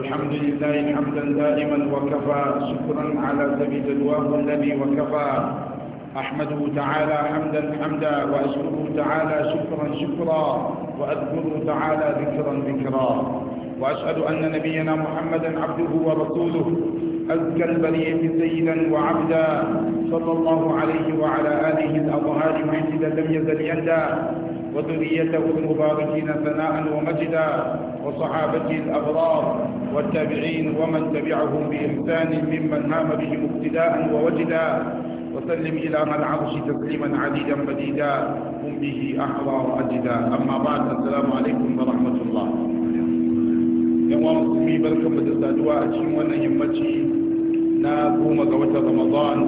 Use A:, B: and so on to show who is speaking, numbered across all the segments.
A: الحمد لله حمدا دائما وكفى شكرا على سبيل الله الذي وكفى أحمده تعالى حمدا حمدا وأشكره تعالى شكرا شكرا وأذكره تعالى ذكرا ذكرا وأشهد أن نبينا محمدا عبده ورسوله أزكى البرية سيدا وعبدا صلى الله عليه وعلى آله الأطهار محجدا لم يزل يندى وذريته المباركين ثناء ومجدا وصحابته الأبرار والتابعين ومن تبعهم بإحسان ممن هام بهم اقتداء ووجدا وسلم إلى من العرش تسليما عديدا مديدا هم به أحرى وأجدا أما بعد السلام عليكم ورحمة الله يوم مسلمي بركم بتسادوا أجي وانا يمتي ناقوم قوة رمضان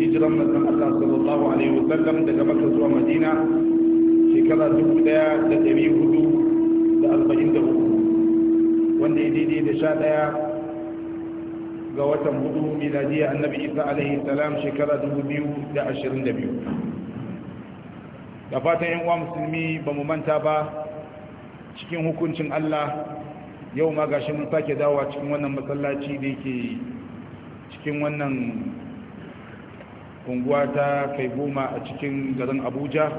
A: هجرا من الله صلى الله عليه وسلم دقمت سوى مدينة شكرا دقودا لتبيه دقودا da arba'in da uku wanda ya daidai da sha daya ga watan hudu miladiya annabi isa alaihi salam shekara dubu biyu da ashirin da biyu da fatan yan uwa musulmi ba mu manta ba cikin hukuncin allah yau ma gashi mun sake dawowa cikin wannan masallaci da yake cikin wannan unguwa ta kai goma a cikin garin abuja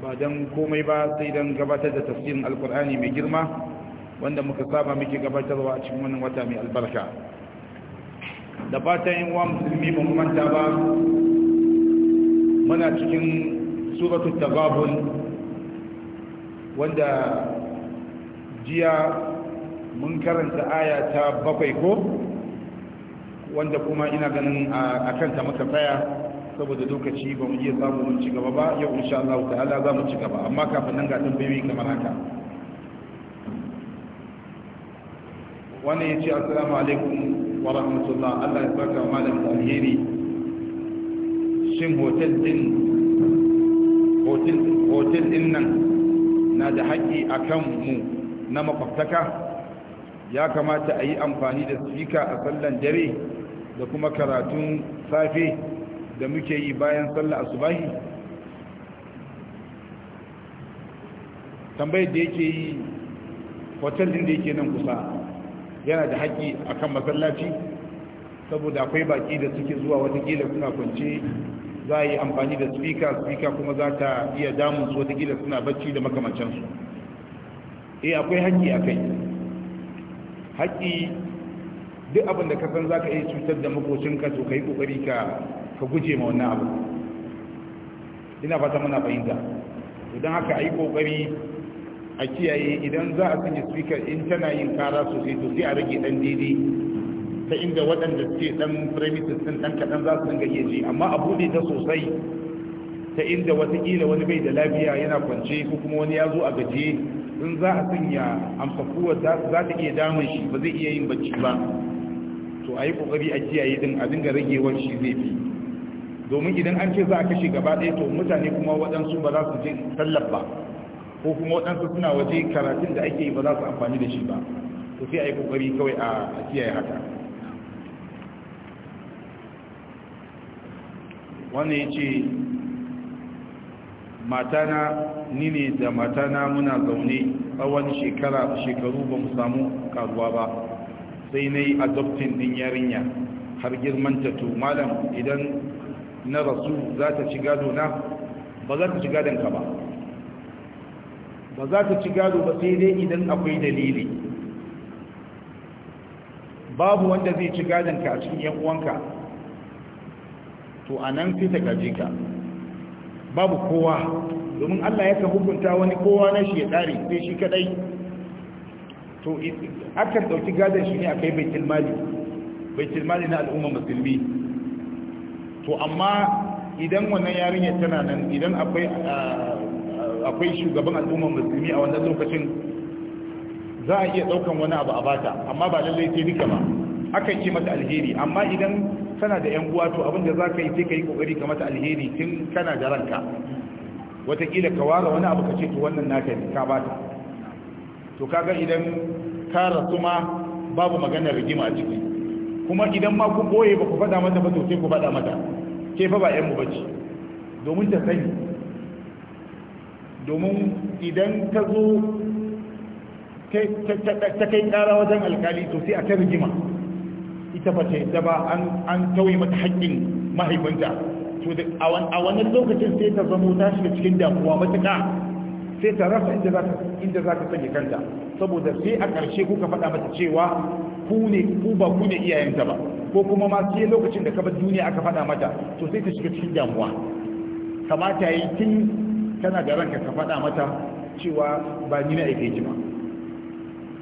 A: ba don komai ba sai don gabatar da tafsirin alkur'ani mai girma wanda muka saba muke gabatarwa a cikin wannan wata mai albarka da fatan yin wa musulmi ba mu manta ba muna cikin suratul tagabun wanda jiya mun karanta aya ta bakwai ko wanda kuma ina ganin a kanta muka tsaya saboda lokaci ba mu iya samu mun ci gaba ba yau insha Allah ta'ala za mu ci gaba amma kafin nan ga tambayoyi kamar haka wannan ya ce assalamu alaikum wa rahmatullah Allah ya baka malam alheri shin hotel din hotel hotel din nan na da haƙƙi akan mu na makwabtaka ya kamata a yi amfani da sifika a sallan dare da kuma karatun safe da muke yi bayan sallar asubahi tambayar da yake yi hotel din da yake nan kusa yana da haƙƙi akan masallaci saboda akwai baki da suke zuwa watakila suna kwance za a yi amfani da spika spika kuma za ta iya damun su watakila suna bacci da makamancansu eh akwai haƙƙi a kai haƙƙi duk abinda da ka san za ka iya cutar da makocinka to ka yi ƙoƙari ka ka guje ma wannan abu ina fata muna fahimta idan haka a yi kokari a kiyaye idan za a sanya speaker in tana yin kara sosai to sai a rage dan daidai ta inda waɗanda suke dan premises din dan kaɗan za su dinga iya ji amma a buɗe ta sosai ta inda watakila wani bai da lafiya yana kwance ko kuma wani ya zo a gaje in za a sanya amsakuwa za ta iya damun shi ba zai iya yin bacci ba to a yi kokari a kiyaye din a dinga ragewar shi zai fi domin idan an ce za a kashe gaba ɗaya to mutane kuma waɗansu ba za su je sallar ba ko kuma waɗansu suna waje karatun da ake yi ba za su amfani da shi ba to sai a yi ƙoƙari kawai a kiyaye haka wannan ya ce matana ni ne da matana muna zaune tsawon shekara shekaru ba mu samu karuwa ba sai na yi adoptin ɗin yarinya har girman ta to malam idan na rasu za ta ci gado na ba za ta ci gadon ka ba ba za ta ci gado ba sai dai idan akwai dalili babu wanda zai ci gadon ka a cikin yan uwanka to a nan sai ta gaje ka babu kowa domin Allah ya ka hukunta wani kowa na shi ya tsari sai shi kadai to akan dauki gadon shi ne a kai baitul mali baitul mali na al'umma musulmi to amma idan wannan yarinyar tana nan idan akwai shugaban al'ummar musulmi a wannan lokacin za a iya daukan wani abu a bata amma ba lallai sai duka ba akan yi mata alheri amma idan kana da yan uwa to abinda za ka yi sai ka yi kokari ka mata alheri tun kana da ranka wataƙila ka ware wani abu ka ce to wannan naka ne ka bata to kaga idan ka rasu ma babu maganar rigima a ciki kuma idan ma ku boye ba ku faɗa mata ba to ke ku faɗa mata ke fa ba ƴan mu bace domin ta sani domin idan ta zo ta kai ƙara wajen alkali to sai a ta rigima ita ba ta yadda ba an tauye mata haƙƙin mahaifinta to a wannan lokacin sai ta zamo ta shiga cikin damuwa matuƙa sai ta rasa inda za ta sanya kanta saboda sai a ƙarshe kuka faɗa mata cewa ku ne ku ba ku ne iyayenta ba ko kuma ma sai lokacin da ka bar duniya aka faɗa mata to sai ta shiga cikin damuwa kamata yi tun tana da ranka ka fada mata cewa ba ni na aike ki ba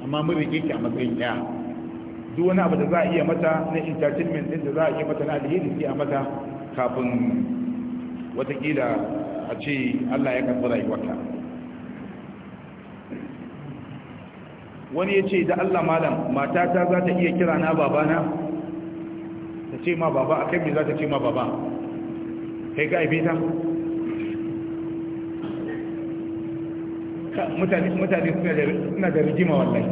A: amma mun rike ki a matsayin ɗaya duk wani abu da za a iya mata na entertainment din da za a iya mata na alheri sai a mata kafin watakila a ce Allah ya karɓi rayuwarta wani ya ce da Allah malam matata za ta iya kira na babana ta ce ma baba a kai za ta ce ma baba kai ka aife ta mutane suna da rigima wallai.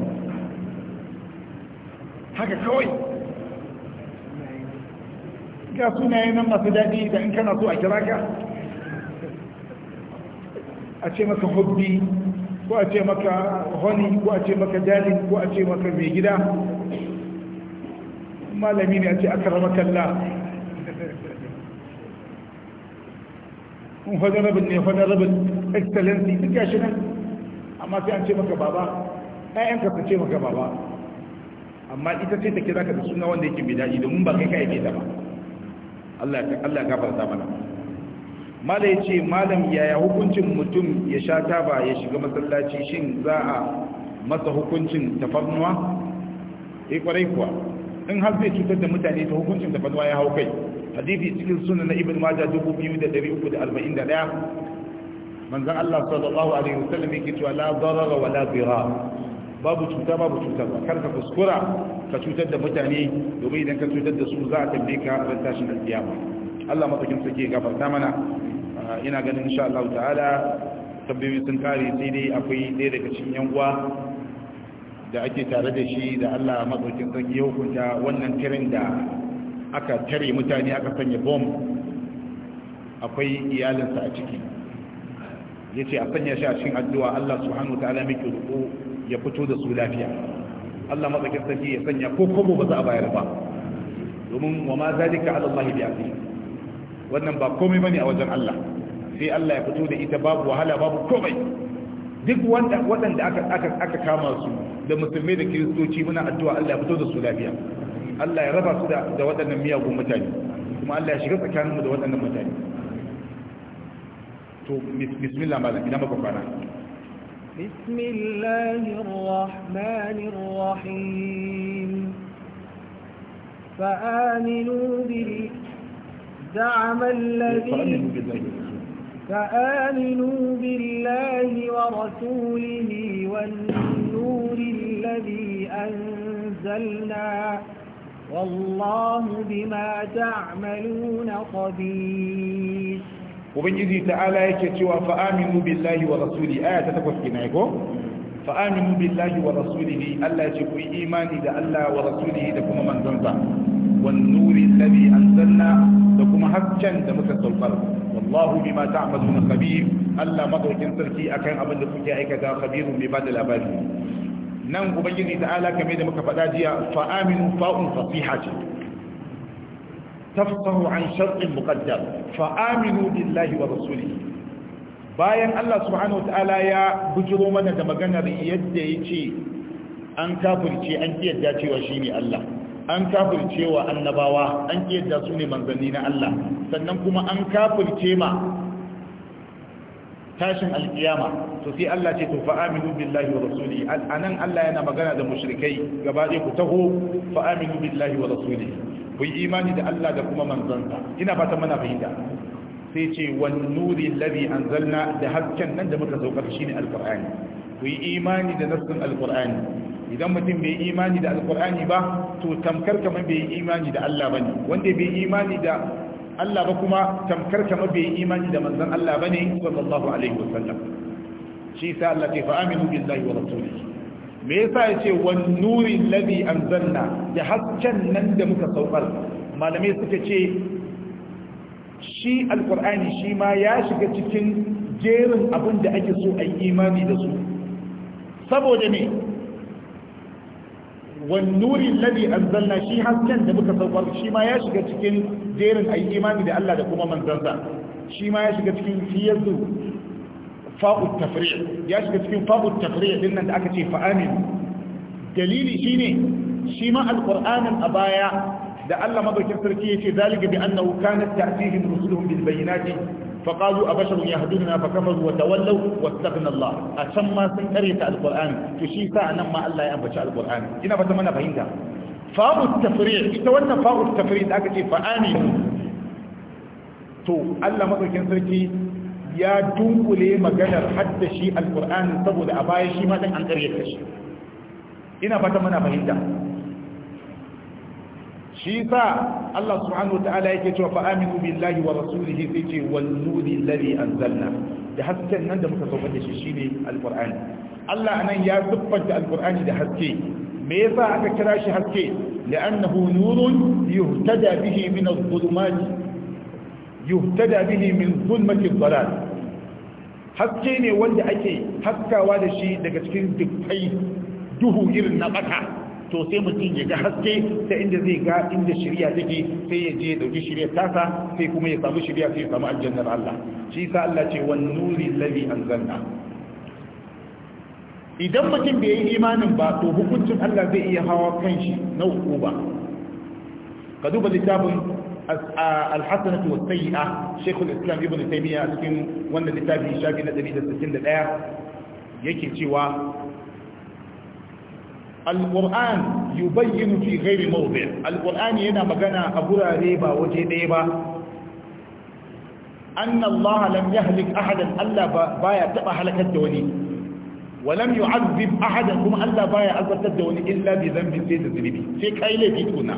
A: haka kawai ga sunaye nan masu daɗi da in kana so a kira ka a ce masa hobbi ko a ce maka honey ko a ce maka jalin ko a ce maka mai gida malami ne a ce aka rama kalla kun honorable ne honorable excellency duk shi nan amma sai an ce maka baba ɗayanka ka ce maka baba amma ita ce ta kira ka da suna wanda yake mai daji domin ba kai ka yake ta ba Allah ya gafarta mana mala ya ce malam yaya hukuncin mutum ya sha taba ya shiga masallaci shin za a masa hukuncin tafarnuwa eh kwarai kuwa in har zai cutar da mutane ta hukuncin tafarnuwa ya hau kai hadisi cikin suna na ibn maja 2341 manzon Allah sallallahu alaihi wasallam yake cewa la darara wa la dirar babu cuta babu cutarwa kar ka kuskura ka cutar da mutane domin idan ka cutar da su za a tambaye ka ran tashin alkiyama Allah madaukin sake gafarta mana Ah, ina ganin insha Allah ta'ala tabbiyoyi sun kare sai dai akwai ɗaya daga cikin yan uwa da ake tare da shi da Allah madaukin sarki ya hukunta wannan tirin da aka tare mutane aka sanya bom akwai iyalinsa a ciki ya ce a sanya shi a cikin addu'a Allah subhanahu ta'ala miki ruku ya fito da su lafiya Allah matsakin sarki ya sanya ko kuma ba za a bayar ba domin wa ma zalika ala Allah bi wannan ba komai bane a wajen Allah sai Allah ya fito da ita babu wahala babu komai duk wanda wadanda aka aka aka kama su da musulmai da kiristoci muna addu'a Allah ya fito da su lafiya Allah ya raba su da da waɗannan miyagun mutane kuma Allah ya shiga tsakaninmu da wadannan mutane to bismillah malam idan muka fara
B: بسم الله الرحمن الرحيم فآمنوا بالله زعم الذين فآمنوا بالله ورسوله والنور الذي أنزلنا والله بما تعملون قبير
A: وبنجد تعالى يكتوى فآمنوا بالله ورسوله آية تتكوث كنائكو فآمنوا بالله ورسوله ألا تكوي إيماني دا ألا ورسوله دا كما من دونتا والنور الذي أنزلنا لكم حجا دمك السلطان والله بما تعملون خبير ألا مضوكين سركي أكان أبن لكي أيكتا خبير بباد الأباد نعم أبيني تعالى كما دمك فداجيا فآمنوا فاء فصيحة تفصح عن شرط مقدر فآمنوا بالله ورسوله bayan Allah subhanahu wataala ya bujiro mana da maganar yadda yake an kafirce an kiyarda cewa shine Allah an kafirce wa annabawa an kiyarda su ne manzanni na Allah sannan kuma an kafirce ma tashin alkiyama to sai Allah ce to fa aminu billahi wa rasulihi anan Allah yana magana da mushrikai gaba ɗaya ku taho fa aminu billahi wa rasuli. ku yi imani da Allah da kuma manzansa ina fata mana fahimta sai ce wan nuri alladhi anzalna da hakkan nan da muka saukar shine alqur'ani ku yi imani da nassin alqur'ani idan mutum bai imani da alkur'ani ba to tamkar kamar bai imani da Allah bane wanda bai imani da Allah ba kuma tamkar kamar bai imani da manzon Allah bane sallallahu alaihi wasallam shi sa Allah ke fa'aminu billahi wa rasulihi me yasa yace wan nuri allazi anzalna da haccen nan da muka saukar malamai suka ce shi alkur'ani shi ma ya shiga cikin jerin abin da ake so a yi imani da su saboda ne wan Ladi alladhi anzalna shi hasken da muka saukar shi ya shiga cikin jerin ayi imani da Allah da kuma manzansa shi ma ya shiga cikin fiyazu fa'u tafri' ya shiga cikin fa'u tafri' din nan da aka ce fa dalili shine shi ma alqur'anin a baya da Allah madaukin sarki yace zalika bi annahu kanat ta'tihim rusuluhum bil فقالوا أبشر يهدوننا فكفروا وتولوا واستغنى الله أشم ما سنكرية القرآن تشيسا نما الله ينبشى القرآن إنا فتمنى فهمتها فاء التفريع إتولنا فاء التفريع أكتي فآمنوا تو الله مطلقين سركي ya dunkule maganar hadda shi alkur'ani saboda a baya shi ma ɗin an ƙarye shi ina fata mana fahimta shi sa Allah subhanahu ta'ala yake cewa fa aminu billahi wa rasulihi sai ce wal nuri alladhi anzalna da hasken nan da muka saukar da shi shine alqur'ani Allah anan ya siffanta alqur'ani da haske me yasa aka kira shi haske li'annahu nurun yuhtada bihi min adh-dhulumati yuhtada bihi min dhulmati adh-dhalal haske ne wanda ake haskawa da shi daga cikin dukkai duhu irin na to sai mutum ya ga haske ta inda zai ga inda shirya take sai ya je dauki shirya tasa sai kuma ya samu shirya sai ya samu aljannar Allah shi sa Allah ce wan nuri allazi anzalna idan mutum bai yi imanin ba to hukuncin Allah zai iya hawa kan shi na ba. ka duba littafin al-hasanatu was-sayyi'a Sheikh al-Islam Ibn Taymiyyah cikin wannan littafin shafi na 161 yake cewa al-qur'an yubayyin fi ghairi mawdi' al yana magana a gurare ba waje daya ba anna allah lam yahlik ahadan allah baya taba halakar da wani wa lam yu'adhib ahadan kuma allah baya albatar da wani illa bi dhanbi sai da zunubi sai kai laifi tuna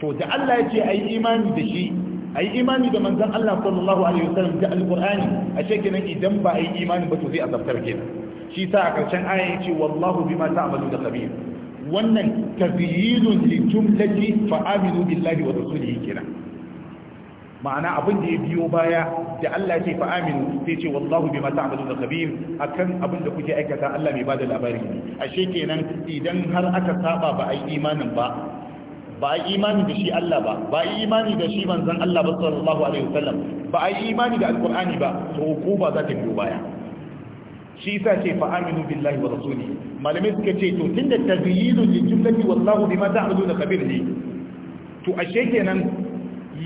A: to da allah yace ayi imani da shi ayi imani da manzon allah sallallahu alaihi wasallam da al-qur'ani a shekinan idan ba ayi imani ba to sai a zaftar kenan shi sa a karshen aya ce wallahu bima da khabir wannan tabyinun li jumlati fa aminu billahi wa rasulihi kenan ma'ana abin da ya biyo baya da Allah ya ce fa aminu sai ce wallahu bima da khabir akan abin da kuke aikata Allah mai bada labari ashe kenan idan har aka saba ba ai imanin ba ba a yi imani da shi Allah ba ba a yi imani da shi manzon Allah ba sallallahu alaihi wasallam ba a yi imani da alqur'ani ba to hukuma za ta biyo baya shi sa ce fa aminu billahi wa rasuli malamai suka ce to tunda tabyinu lil jumlati wallahu bima ta'maluna khabir ne to ashe kenan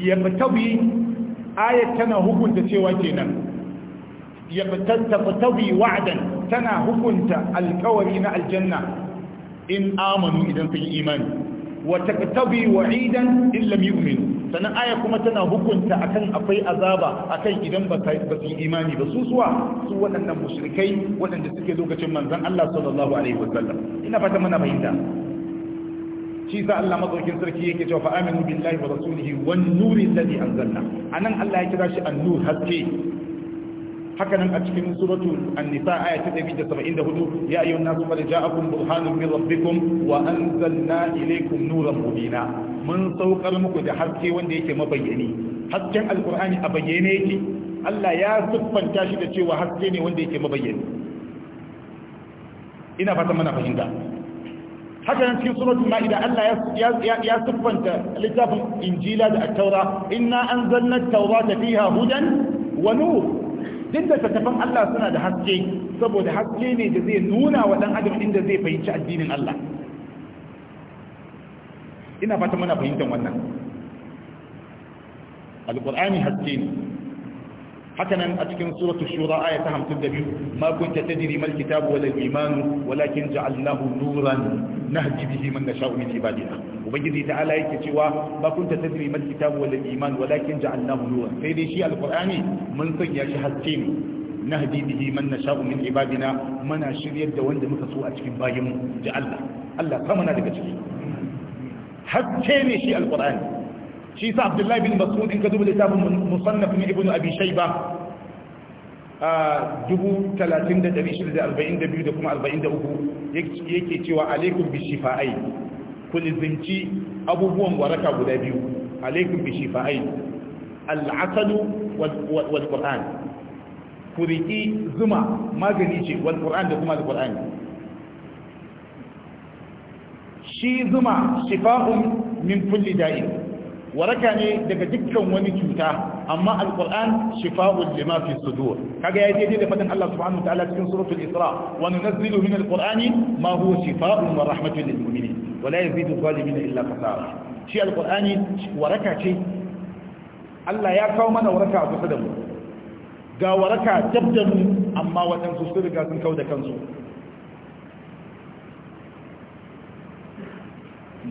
A: yabtabi ayat tana hukunta cewa kenan yabtabi wa'adan tana hukunta alkawari na aljanna in amanu idan sun imani wa taktabi wa'idan in lam yu'minu sannan aya kuma tana hukunta akan akwai azaba akan idan ba su imani ba su suwa su waɗannan mushrikai waɗanda suke lokacin manzon Allah sallallahu alaihi wasallam ina fata mana fahimta shi sa Allah madaukin sarki yake cewa fa aminu billahi wa rasulihi wan nuri alladhi anzalna anan Allah ya kira shi an-nur haske Hakanan a cikin suratul an-nisa aya ta 174 ya ayyuhan nasu qad ja'akum burhanun min rabbikum wa anzalna ilaykum nuran mubina mun saukar muku da haske wanda yake mabayyani hasken alqur'ani a bayyane yake Allah ya siffanta shi da cewa haske ne wanda yake mabayyani ina fatan mana fahimta haka nan cikin suratul ma'ida Allah ya siffanta littafin injila da at-taura inna anzalna at-taurata fiha hudan wa nur duk da tattafan Allah suna da haske saboda haske ne da zai nuna wa dan adam inda zai fahimci addinin Allah ina fata muna fahimtar wannan alqur'ani haske ne hakanan a cikin suratul shura aya ta 52 ma kunta tadri mal kitabu wal iman walakin ja'alnahu nuran nahdi bihi man nasha'u min ibadina ubangiji ta'ala yake cewa ma kunta tadri mal kitabu wal iman walakin ja'alnahu nuran sai dai shi alqur'ani mun sanya shi haske ne nahdi bihi man nasha'u min ibadina mana shiryar da wanda muka so a cikin bayin da Allah Allah na daga ciki haske ne shi alqur'ani shi sa abdullahi bin mas'ud in ka duba littafin musannaf ne ibnu abi shayba a 30642 da kuma 43 yake cewa alaikum bi shifa'ai ku lizinci abubuwan waraka guda biyu alaikum bi shifa'ai al'asalu wal qur'an ku riki zuma magani ce wal qur'an da kuma al qur'an shi zuma shifa'un min kulli da'in waraka ne daga dukkan wani cuta amma alquran shifa'un lima fi sudur kaga ya daidai da fadin Allah subhanahu wa ta'ala cikin suratul isra wa nunzilu min alqurani ma huwa shifa'un wa rahmatun lil mu'minin wa la yazidu zalimin illa khasara shi alqurani waraka ce Allah ya kawo mana waraka a kusa da mu ga waraka dab da mu amma waɗansu sun riga sun kau da kansu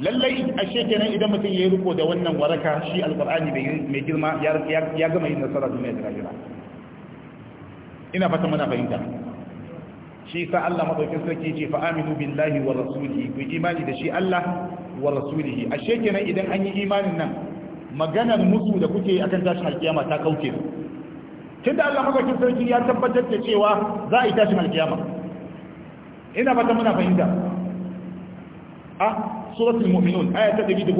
A: lallai ashe kenan idan mutum ya yi riko da wannan waraka shi alkur'ani mai girma ya gama yin nasara duniya da rayuwa ina fata mana fahimta shi sa Allah madaukin sarki ce fa aminu billahi wa rasulihi ku imani da shi Allah wa rasulihi ashe kenan idan an yi imanin nan maganar musu da kuke akan tashin alkiyama ta kauce tunda Allah madaukin sarki ya tabbatar da cewa za a yi tashin alkiyama ina fata muna fahimta ah suratul mu'minun ayata 115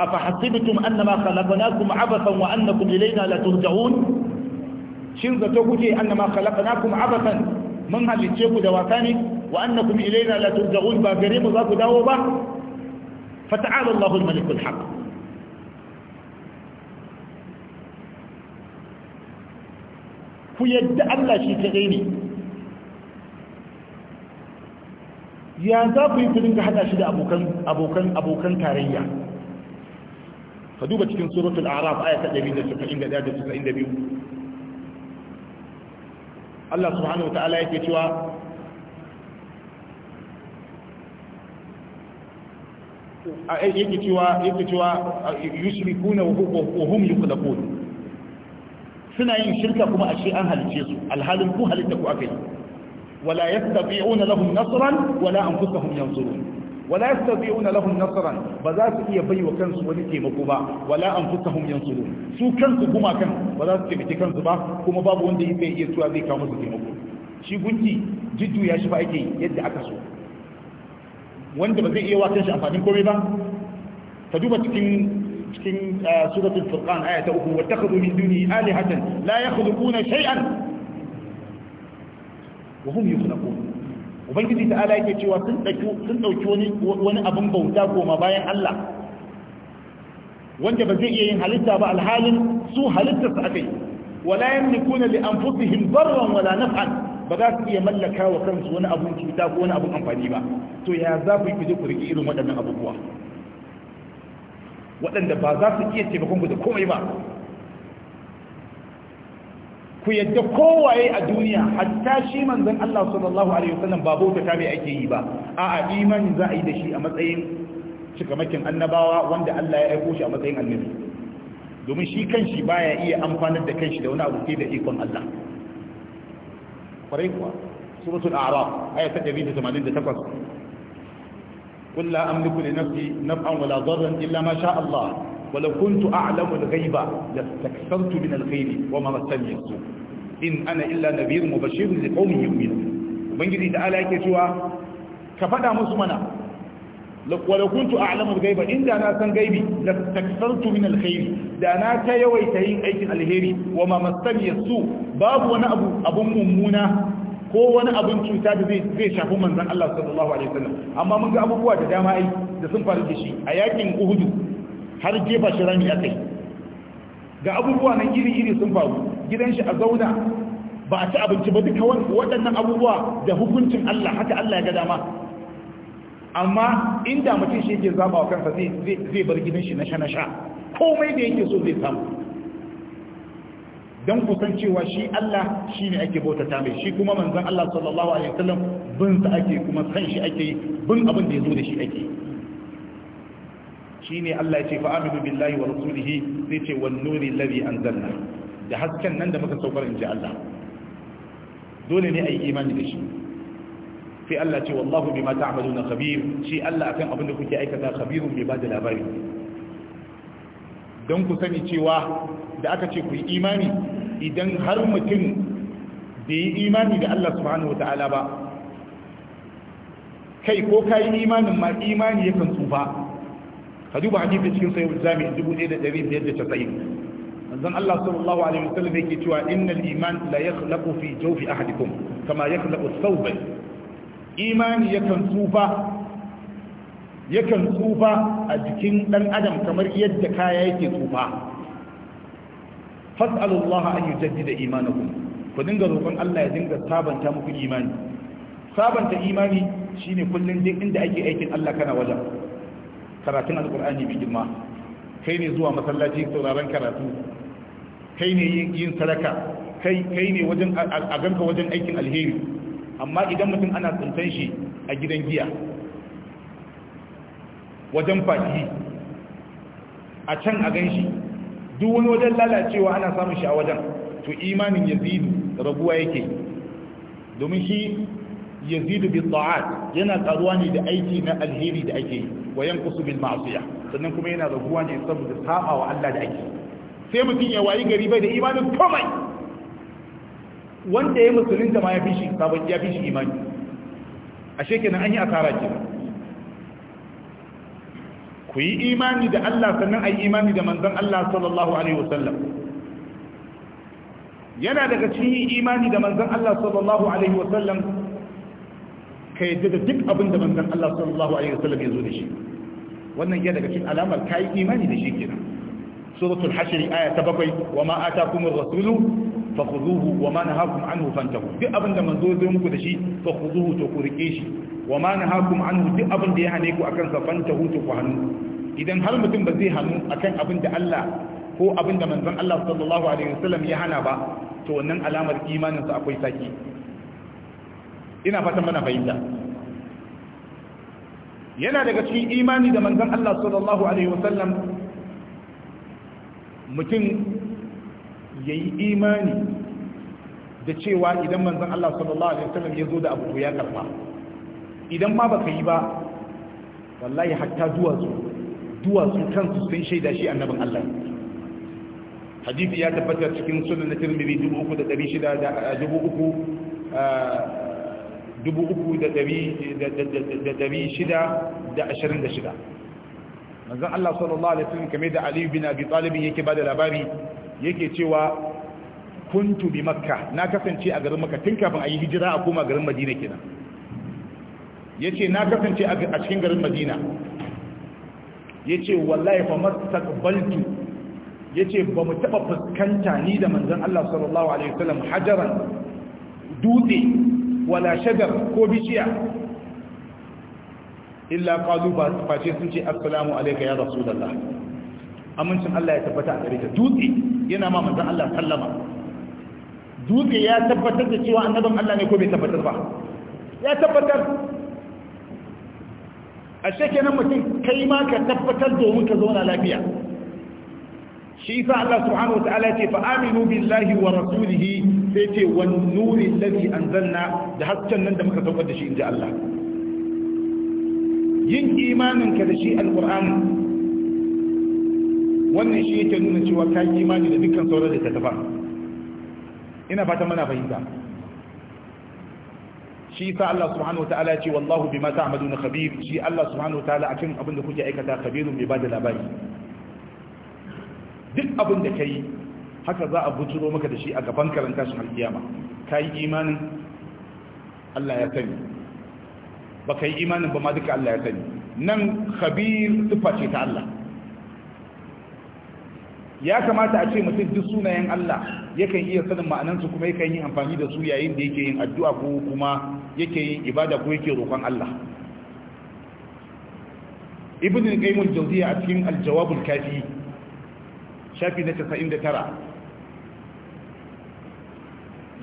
A: afahasibtum annama khalaqnakum abathan wa annakum ilayna la turja'un shin zato kuke annama khalaqnakum abathan man halice ku da watani wa annakum ilayna la ba gare mu za ku dawo ba fata'ala allahul malikul haqq ku yadda allah shi ta gaine ya za ku yi kudin ga hada shi da abokan tarayya ka duba cikin suratul araf ayata 191 da da biyu. Allah subhanahu wa ta'ala yake cewa eh, yake cewa yake cewa yushrikuna wa hum yukhlaqun suna yin shirka kuma ashe an halice su alhalin ku halitta ku akai ولا يستطيعون لهم نصرا ولا أنفسهم ينصرون ولا يستطيعون لهم نصرا بذات إيا بي وكنس ولكي مكوبا ولا أنفسهم ينصرون سو كنس كما كان بذات كبتي كنس با كما باب وندي إيا إيا سوى ذي كامس كي مكوبا شي قنتي جدو يا شفا إيكي يد أكسو وند بذي إيا واتنش أفادين كومي با فدوبة تكين cikin suratul furqan aya ta uku wattakhadhu min duni alihatan la yakhluquna shay'an wa hum yukhlaqun ubangiji ta'ala yake cewa sun dauki sun wani abin bauta koma bayan Allah wanda ba zai iya yin halitta ba alhalin su halittarsa akai wala yamlikuna li anfusihim darran wala naf'an ba za su iya mallaka wa kansu wani abun cuta ko wani abun amfani ba to ya za ku yi kuje ku riƙe irin waɗannan abubuwa waɗanda ba za su iya taimakon ku da komai ba ku yadda kowaye a duniya hatta shi manzon Allah sallallahu alaihi wasallam ba bauta ta mai ake yi ba a'a imani za a yi da shi a matsayin cikamakin annabawa wanda Allah ya aiko shi a matsayin annabi domin shi kanshi baya iya amfanar da kanshi da wani abu sai da ikon Allah kwarai suratul a'raf aya ta 188 قل لا أملك لنفسي نفعا ولا ضرا إلا ما sha Allah. ولو كنت أعلم الغيب لاستكثرت من الخير وما مسني السوء إن أنا إلا نذير مبشر لقوم يؤمنون ubangiji ta ala yake cewa ka faɗa musu mana wadda kuntu a alamar gaiba inda na san gaibi da taksartu min alkhairi da na ta yawaita yin aikin alheri wa ma masaniya su babu wani abu abun mummuna ko wani abun cuta da zai shafi manzan Allah sallallahu alaihi wasallam amma mun ga abubuwa da dama ai da sun faru da shi a yakin uhudu har jefa shi rami a kai ga abubuwa nan iri-iri sun faru gidan shi a zauna ba a ci abinci ba duka waɗannan abubuwa da hukuncin Allah haka Allah ya ga dama amma inda mutum shi yake zaba wa kansa zai bar gidan shi na sha-na-sha komai da yake so zai samu don kusan cewa shi Allah shi ne ake bautata mai shi kuma manzan Allah sallallahu Alaihi wasallam bin sa ake kuma san shi ake bin abin da ya zo da shi ake Shi ne Allah ya ce fa aminu billahi wa rasulihi sai ce wan nuri alladhi anzalna da hasken nan da muka saukar in inji Allah dole ne ayi imani da shi sai Allah ce wallahu mata bima na khabir shi Allah akan abin da kuke aikata khabirun bi ba da labari don ku sani cewa da aka ce ku yi imani idan har mutum bai yi imani da Allah subhanahu wa ta'ala ba kai ko ka yi imanin ma imani yakan tsufa ka duba hadisin cikin sayar da jami'in dubu ɗaya ɗari biyar da 1590 manzon Allah sallallahu alaihi wasallam yake cewa innal iman la yakhlaqu fi jawfi ahadikum kama yakhlaqu thawba imani yakan tsufa yakan tsufa a jikin ɗan adam kamar yadda kaya yake tsufa fas'alullaha an yujaddida imanakum ku dinga roƙon Allah ya dinga sabanta muku imani sabanta imani shine kullun duk inda ake aikin Allah kana wajen karatun alkur'ani mai girma kai ne zuwa masallaci sauraron karatu kai ne yin sadaka kai ne wajen a ganka wajen aikin alheri amma idan mutum ana tsuntan shi a gidan giya wajen faki a can a gan shi duk wani wajen lalacewa ana samun shi a wajen to imanin yazidu raguwa yake domin shi yazidu bi ta'at yana karuwa ne da aiki na alheri da ake yi wa yanqusu bil ma'siyah sannan kuma yana raguwa ne saboda sabawa Allah da ake sai mutum ya wayi gari bai da imanin komai wanda ya musulunta ma ya fi shi sabon ya fi shi imani A kenan an yi asara kenan ku yi imani da Allah sannan a yi imani da manzon Allah sallallahu alaihi wasallam yana daga cikin imani da manzon Allah sallallahu alaihi wasallam ka yadda da duk abin da manzon Allah sallallahu alaihi wasallam ya zo da shi wannan ya daga cikin alamar kai imani da shi kenan suratul hashr aya ta bakwai wa ma atakumur rasulu fakhuduhu wa ma nahakum anhu fantahu duk abin da manzo ya zo muku da shi fakhuduhu to ku rike shi wa ma nahakum anhu duk abin da ya hane ku akan sa fantahu to ku hannu idan har mutum ba zai hannu akan abin da Allah ko abin da manzon Allah sallallahu alaihi wasallam ya hana ba to wannan alamar imaninsa akwai saki ina fatan mana fahimta yana daga cikin imani da manzan Allah sallallahu alaihi wasallam mutum ya yi imani da cewa idan manzan Allah sallallahu alaihi wasallam ya zo da abu ya karfa idan ma baka yi ba wallahi hatta duwatsu duwatsu kansu sun shaida shi annabin Allah hadisi ya tabbatar cikin sunan na tirmidhi 3600 3626 manzon Allah sallallahu alaihi wasallam kamar da Ali bin Abi Talib yake bada labari yake cewa kuntu bi makka na kasance a garin makka tun kafin a yi hijira a koma garin madina kenan yace na kasance a cikin garin madina yace wallahi fa mastaqbaltu yace ba mu taba fuskanta ni da manzon Allah sallallahu alaihi wasallam hajaran dutse wala shagar ko bishiya illa qalu ba face sun ce assalamu alayka ya rasulullah amincin Allah ya tabbata a gare ta dutse yana ma manzon Allah sallama dutse ya tabbatar da cewa annabin Allah ne ko bai tabbatar ba ya tabbatar a shekenan mutum kai ma ka tabbatar domin ka zauna lafiya shi sa Allah subhanahu wataala ce fa aminu billahi wa rasulihi sai ce wan nuri alladhi anzalna da hasken nan da muka saukar da shi inji Allah yin imaninka da shi alqur'ani wannan shi yake nuna cewa ka yi imani da dukkan sauran da ta tafa ina fata mana fahimta shi sa Allah subhanahu wa ta'ala ce wallahu bima ta'maluna khabir shi Allah subhanahu wa ta'ala akan abin da kuke aikata khabirun bai bada labari duk abin da kai haka za a buturo maka da shi a gaban karanta shi har kiyama ka yi imanin Allah ya sani ba ka yi imanin ba ma duka Allah ya sani nan khabir siffa ce ta Allah ya kamata a ce mutum duk sunayen Allah yakan iya sanin ma'anansu kuma yakan yi amfani da su yayin da yake yin addu'a ko kuma yake yin ibada ko yake roƙon Allah ibn qayyim al-jawziyya a cikin al-jawab al-kafi shafi na 99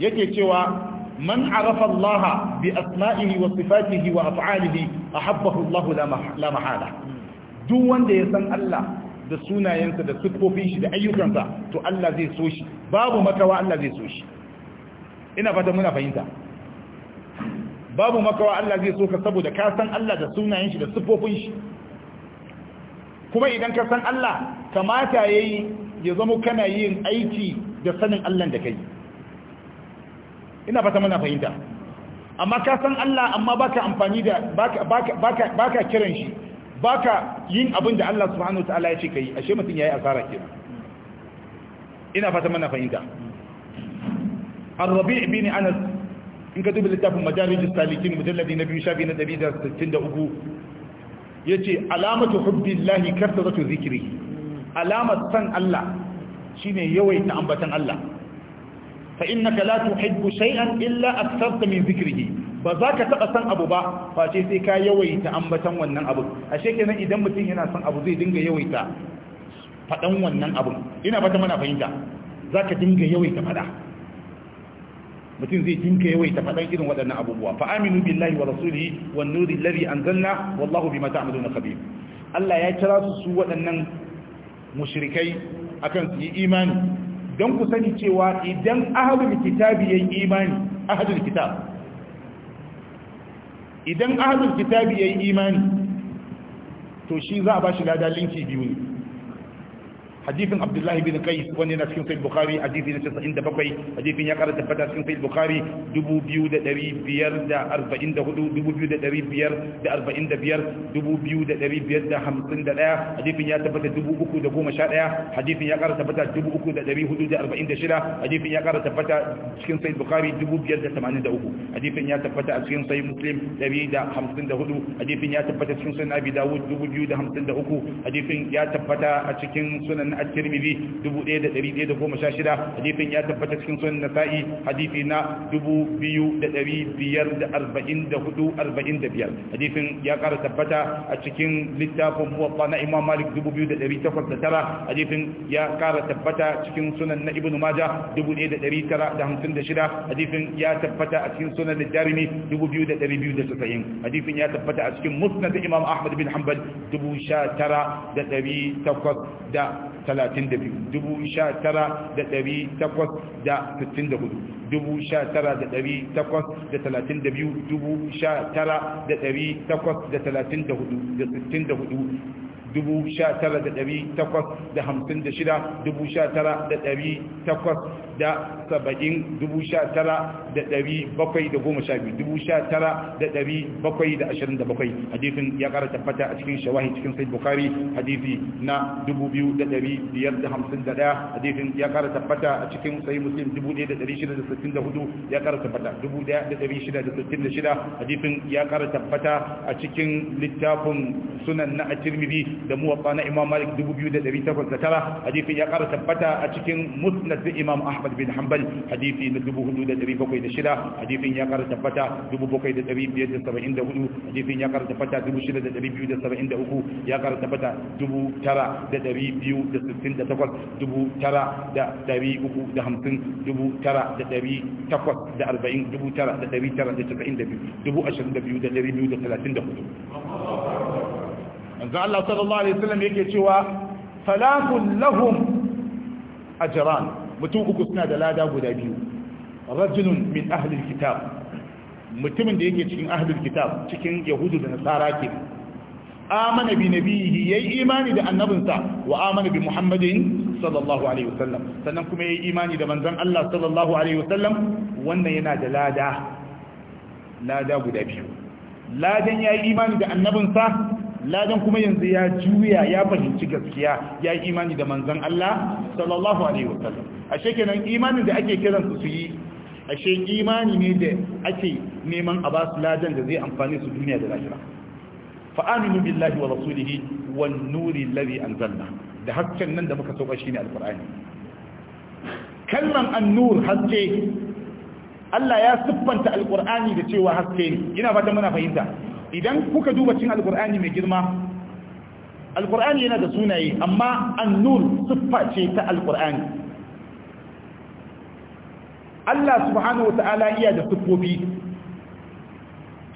A: yake cewa man arafa Allah bi asma'ihi wa sifatihi wa af'alihi ahabbahu Allah la mahala duk wanda ya san Allah da sunayensa da siffofin shi da ayyukansa to Allah zai so shi babu makawa Allah zai so shi ina fata muna fahimta babu makawa Allah zai so ka saboda ka san Allah da sunayen shi da siffofin shi kuma idan ka san Allah kamata yayi ya zama kana yin aiki da sanin Allah da kai ina fata mana fahimta amma ka san Allah amma baka amfani da baka baka baka kiran shi baka yin abin da Allah subhanahu wataala ya ce kai ashe mutum yayi asara kira? ina fata mana fahimta Ar-Rabi' bin Anas in ka dubi littafin Madarij as-Salikin mujalladi na biyu shafi na 163 yace alamatu hubbillahi kasratu zikri alamat san Allah shine yawaita ambatan Allah fa innaka la tuhibbu shay'an illa aktharta min dhikrihi ba za ka taba san abu ba face sai ka yawaita ambatan wannan abu ashe kenan idan mutum yana san abu zai dinga yawaita fadan wannan abu ina fata mana fahimta za ka dinga yawaita fada mutum zai dinka yawaita faɗan irin waɗannan abubuwa fa aminu billahi wa rasulihi wan nuri alladhi anzalna wallahu bima ta'maluna khabir Allah ya kira su su waɗannan mushirikai akan su yi imani don ku sani cewa idan ahlul kitabi yayin imani ahlul kitab idan ahlul kitabi yayin imani to shi za a bashi lada linki biyu ne hadisin abdullahi bin qais wani na cikin sahih bukhari hadisi na 97 hadisin ya kara tabbata cikin sahih bukhari 2544 2545 2551 hadisin ya tabbata 3011 hadisin ya kara tabbata 3446 hadisin ya kara tabbata cikin sahih bukhari 2583 hadisin ya tabbata a cikin sahih muslim 154 hadisin ya tabbata cikin sunan abi dawud 2053 hadisin ya tabbata a cikin at-tirmidhi 1116 hadisin ya tabbata cikin sunan nasa'i hadisi na 2544 45 hadisin ya kara tabbata a cikin littafin muwatta na imam malik 2809 hadisin ya kara tabbata cikin sunan na ibnu majah 1956 hadisin ya tabbata a cikin sunan al-jarimi 2290 hadisin ya tabbata a cikin musnad imam ahmad bin hanbal 19800 da hudu. dubu sha tara da ɗari takwas da hamsin da shida dubu sha tara da ɗari takwas da saba'in dubu sha tara da ɗari bakwai da goma sha biyu dubu sha tara da ɗari bakwai da ashirin da bakwai ya ƙara tabbata a cikin shawahi cikin na dubu biyu da ɗari biyar da hamsin da ɗaya ya ƙara tabbata a cikin dubu ɗaya da ɗari shida da sittin da hudu ya ƙara tabbata dubu ɗaya da ɗari shida da sittin da shida ya ƙara tabbata a cikin littafin sunan na a da muwatta na imam malik 2809 hadisin ya ƙara tabbata a cikin musnad imam ahmad bin hanbal hadisi na 4706 hadisin ya ƙara tabbata 7574 hadisin ya ƙara tabbata 6273 ya ƙara tabbata 9268 9350 9840 9992 2234 manzo Allah sallallahu alaihi wasallam yake cewa salakun lahum ajran mutum uku suna da lada guda biyu rajulun min ahli alkitab mutumin da yake cikin ahli alkitab cikin yahudu da nasara ke amana bi nabihi yayi imani da annabinsa wa amana bi muhammadin sallallahu alaihi wasallam sannan kuma yayi imani da manzon Allah sallallahu alaihi wasallam wannan yana da lada lada guda biyu ladan yayi imani da annabinsa ladan kuma yanzu ya juya ya fahimci gaskiya ya yi imani da manzan Allah sallallahu alaihi ashe kenan imanin da ake kiran su yi ashe imani ne da ake neman a Basu ladan da zai amfani su duniya da lahira fa aminu billahi wa rasulihi wan nuri alladhi anzalna da hakkan nan da muka sauka shine alqur'ani kalman an-nur haske Allah ya siffanta alqur'ani da cewa haske ina fata muna fahimta idan kuka duba cin alkur'ani mai girma alkur'ani yana da sunaye amma annur siffa ce ta alkur'ani Allah subhanahu wa ta'ala iya da siffofi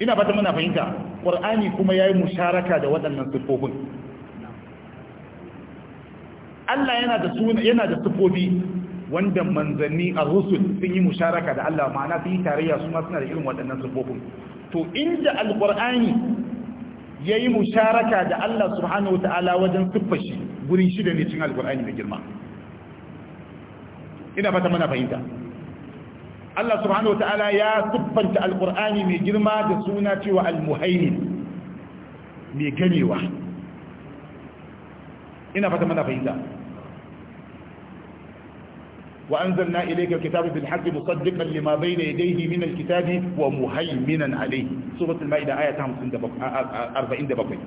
A: ina fata muna fahimta ƙur'ani kuma ya yi musharaka da waɗannan siffofin Allah yana da suna yana da siffofi wanda manzanni a rusul sun yi musharaka da Allah ma'ana sun yi tarayya su ma suna da irin waɗannan siffofin to inda ya yi musharaka da Allah subhanahu wa ta'ala wajen siffa shi guri shida ne cin alqur'ani da girma ina fata mana fahimta Allah subhanahu wa ta'ala ya siffanta alqur'ani mai girma da suna cewa almuhaimin mai ganewa ina fata mana fahimta وأنزلنا إليك الكتاب بالحق مصدقا لما بين يديه من الكتاب ومهيمنا عليه سورة المائدة آية 40 دبقين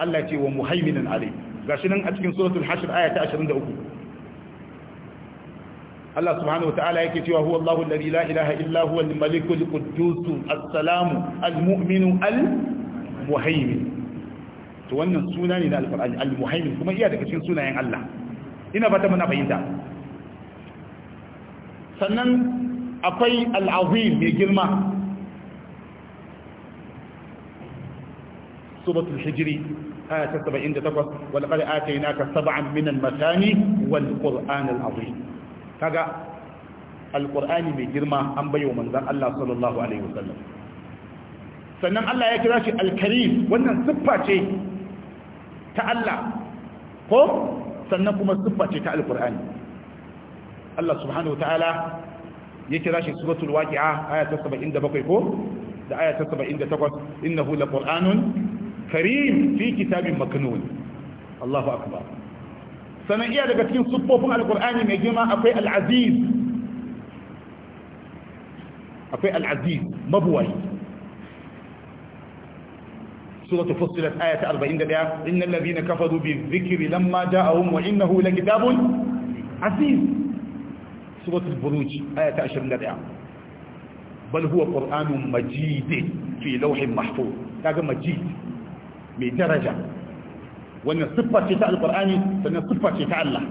A: Allah ce wa muhaiminan alai gashi nan a cikin suratul hashr aya ta 23 Allah subhanahu wa ta'ala yake cewa huwa Allahu alladhi la ilaha illa huwa al-malikul quddus al muhaimin to wannan suna na al al-muhaimin kuma iya daga cikin sunayen Allah ina fata muna fahimta sannan akwai al'azim mai girma سورة الحجر آية 78 ولقد آتيناك سبعا من المثاني والقرآن العظيم كذا القرآن بجرمة أنبي ومن ذا الله صلى الله عليه وسلم sannan Allah ya kira shi alkarim wannan siffa ce ta Allah ko sannan kuma siffa ce ta alkur'ani Allah subhanahu wataala ya kira shi suratul waqi'a aya ta 77 ko da aya ta 78 innahu laqur'anun karim fi kitabin maknun Allahu akbar sanan iya daga cikin siffofin alqur'ani mai girma akwai al-aziz akwai al-aziz mabuwai سورة فصلت آية 41 إن الذين كفروا بالذكر لما جاءهم وإنه لكتاب عزيز suratul buruj aya ta 21 bal huwa qur'anun majid fi lawhin mahfuz kaga majid mai daraja wannan siffa ce ta alqur'ani sannan siffa ta Allah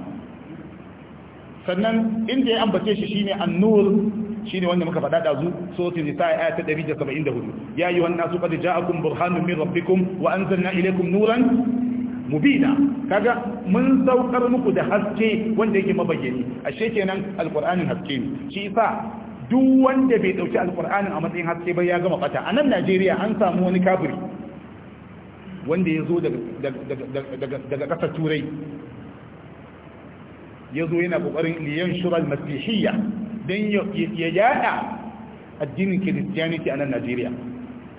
A: sannan inda ya ambace shi shine annur, nur shine wanda muka faɗa dazu suratul nisa aya ta 174 ya ayyuhan nasu qad ja'akum burhanun min rabbikum wa anzalna ilaykum nuran mubina kaga mun saukar muku da haske wanda yake mabayyani ashe kenan alkur'anin haske ne shi yasa duk wanda bai dauki alqur'anin a matsayin haske ba ya gama bata a nan Najeriya an samu wani kafiri wanda ya zo daga ƙasar turai ya zo yana ƙoƙarin liyan shural masihiyya don ya yada addinin kiristiyaniti a nan najeriya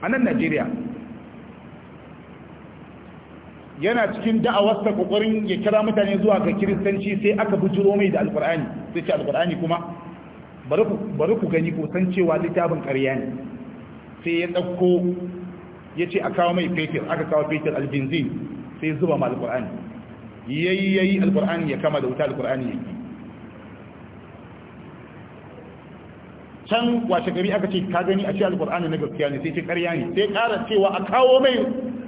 A: a nan najeriya yana cikin da'awarsa kokarin ya kira mutane zuwa ga kiristanci sai aka bujiro mai da alkur'ani sai ce alkur'ani kuma bari ku gani ko san cewa littafin ƙarya ne sai ya ɗauko ya ce a kawo mai fetir aka kawo fetir aljinzin sai zuba ma alkur'ani yayi yayi alkur'ani ya kama da wuta alkur'ani ya yi can washe gari aka ce ka gani a ce alkur'ani na gaskiya ne sai ce ƙarya ne sai ƙara cewa a kawo mai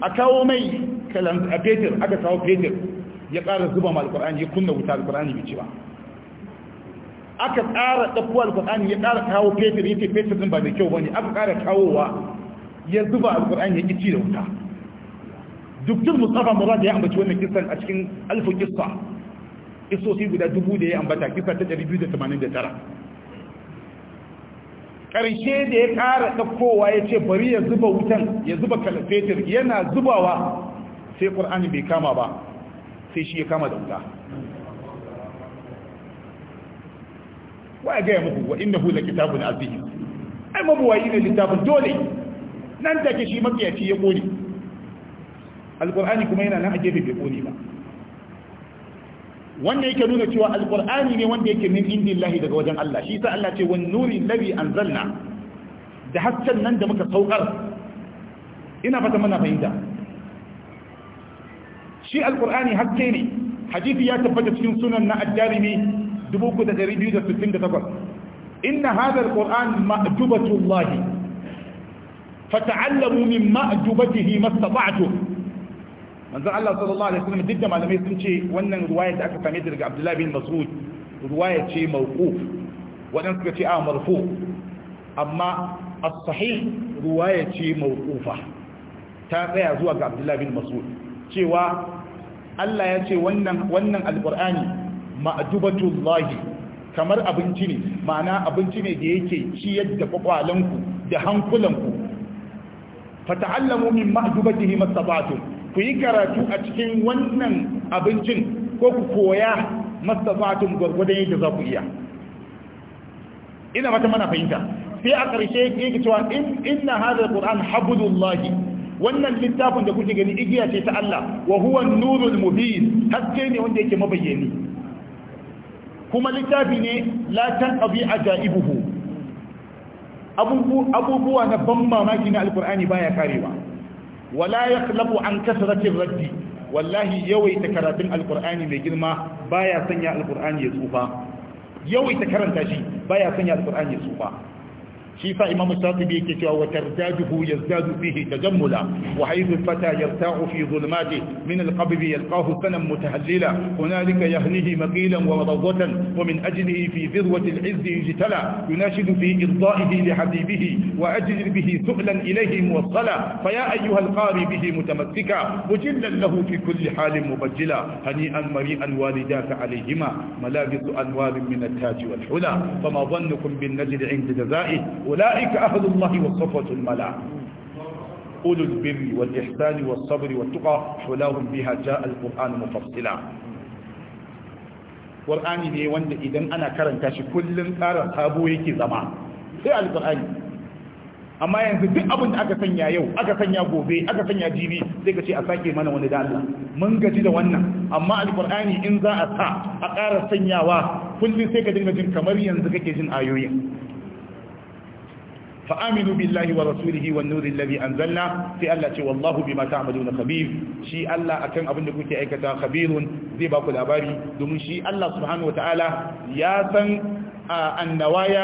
A: a kawo mai a fetur aka kawo fetur ya ƙara zuba ma alƙur'ani ya kunna wuta alƙur'ani bai ci ba aka ƙara ɗafo alƙur'ani ya ƙara kawo fetur ya ce fetur ɗin ba da kyau bane aka ƙara kawowa ya zuba alƙur'ani ya ƙi ci da wuta dukkan mustafa da ya ambaci wannan kisan a cikin alfu kissa kisosi guda dubu da ya ambata kisa ta 289 ƙarshe da ya ƙara ɗaukowa ya ce bari ya zuba wutan ya zuba kalafetir yana zubawa sai ƙur'ani bai kama ba sai shi ya kama da wuta wa gaya muku wa inna hula kitabun azihi ai mabuwayi ne littafin dole nan da ke shi mafiyaci ya ƙone alƙur'ani kuma yana nan a gefe bai ƙone ba wannan yake nuna cewa alƙur'ani ne wanda yake min indillahi daga wajen Allah shi sa Allah ce wani nuri ladhi anzalna da hasken nan da muka saukar ina fata muna fahimta shi alkur'ani haske ne hadisi ya tabbata cikin sunan na addarimi 3268 inna hadha alquran ma'jubatu allah fata'allamu min ma'jubatihi mastata'tum manzo Allah sallallahu alaihi wasallam dukkan malamai sun ce wannan ruwaya da aka same ta daga Abdullah bin Mas'ud ruwaya ce mawquf wadan suka ce a ah, marfu amma as-sahih ruwaya ce mawqufa ta tsaya zuwa ga Abdullah bin Mas'ud cewa Allah ya ce wannan wannan alqur'ani ma'dubatullahi kamar abinci ne ma'ana abinci ne da yake ciyar da kwakwalanku da hankulanku fata'allamu min ma'dubatihi mastata'tum ku yi karatu a cikin wannan abincin ko ku koya mastata'tum gurgurdan yadda za ku iya ina mata mana fahimta sai a ƙarshe yake cewa inna hadha alquran habdullahi wannan littafin da kuke gani igiya ce ta Allah wa huwa nurul mubin haske ne wanda yake mabayyani kuma littafi ne la tanqabi ajaibuhu abubuwa na ban mamaki na alkur'ani baya karewa wala yaqlabu an rashin raddi wallahi yawaita karatun alkur'ani mai girma baya sanya alkur'ani ya tsufa yawaita karanta shi baya sanya alkur'ani ya tsufa shi sa imam shafi'i yake cewa wa tarjajuhu yazdadu fihi tajammula wa haythu fata yarta'u fi zulmati min al-qabbi yalqahu sanan mutahallila hunalika yahnihi maqilan wa wadawatan wa min ajlihi fi zirwati al-izz yujtala yunashidu fi irda'ihi li habibihi wa ajlil bihi su'lan ilayhi muwassala faya ayyuha al-qari bihi mutamassika mujillan lahu fi kulli halin mubajjila hani'an mari'an walidaka alayhima malabisu anwar min at-taj wal hula fama dhannukum bin najd 'inda jazaihi أولئك أهل الله وصفة الملا أولو البر والإحسان والصبر والتقى حلاهم بها جاء القرآن مفصلا Qur'ani ne wanda idan ana karanta shi kullum ƙara sabo yake zama sai alƙur'ani amma yanzu duk abin da aka sanya yau aka sanya gobe aka sanya jibi sai ka ce a sake mana wani dala mun gaji da wannan amma alkur'ani in za a sa a ƙara sanyawa kullum sai ka dinga jin kamar yanzu kake jin ayoyin فآمنوا بالله ورسوله والنور الذي أنزلنا في الله تي والله بما تعملون kuke شي الله zai أبن كنت labari. Domin shi Allah subhanahu wa ta'ala ya san وتعالى ياسن wal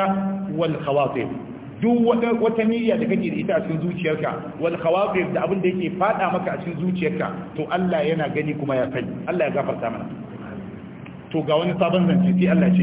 A: والخواطر duk wata niyya da kake da ita a cikin zuciyarka wal khawatir da abin da yake fada maka a cikin zuciyarka to Allah yana gani kuma ya sani Allah ya gafarta mana to ga wani sabon zance sai Allah ce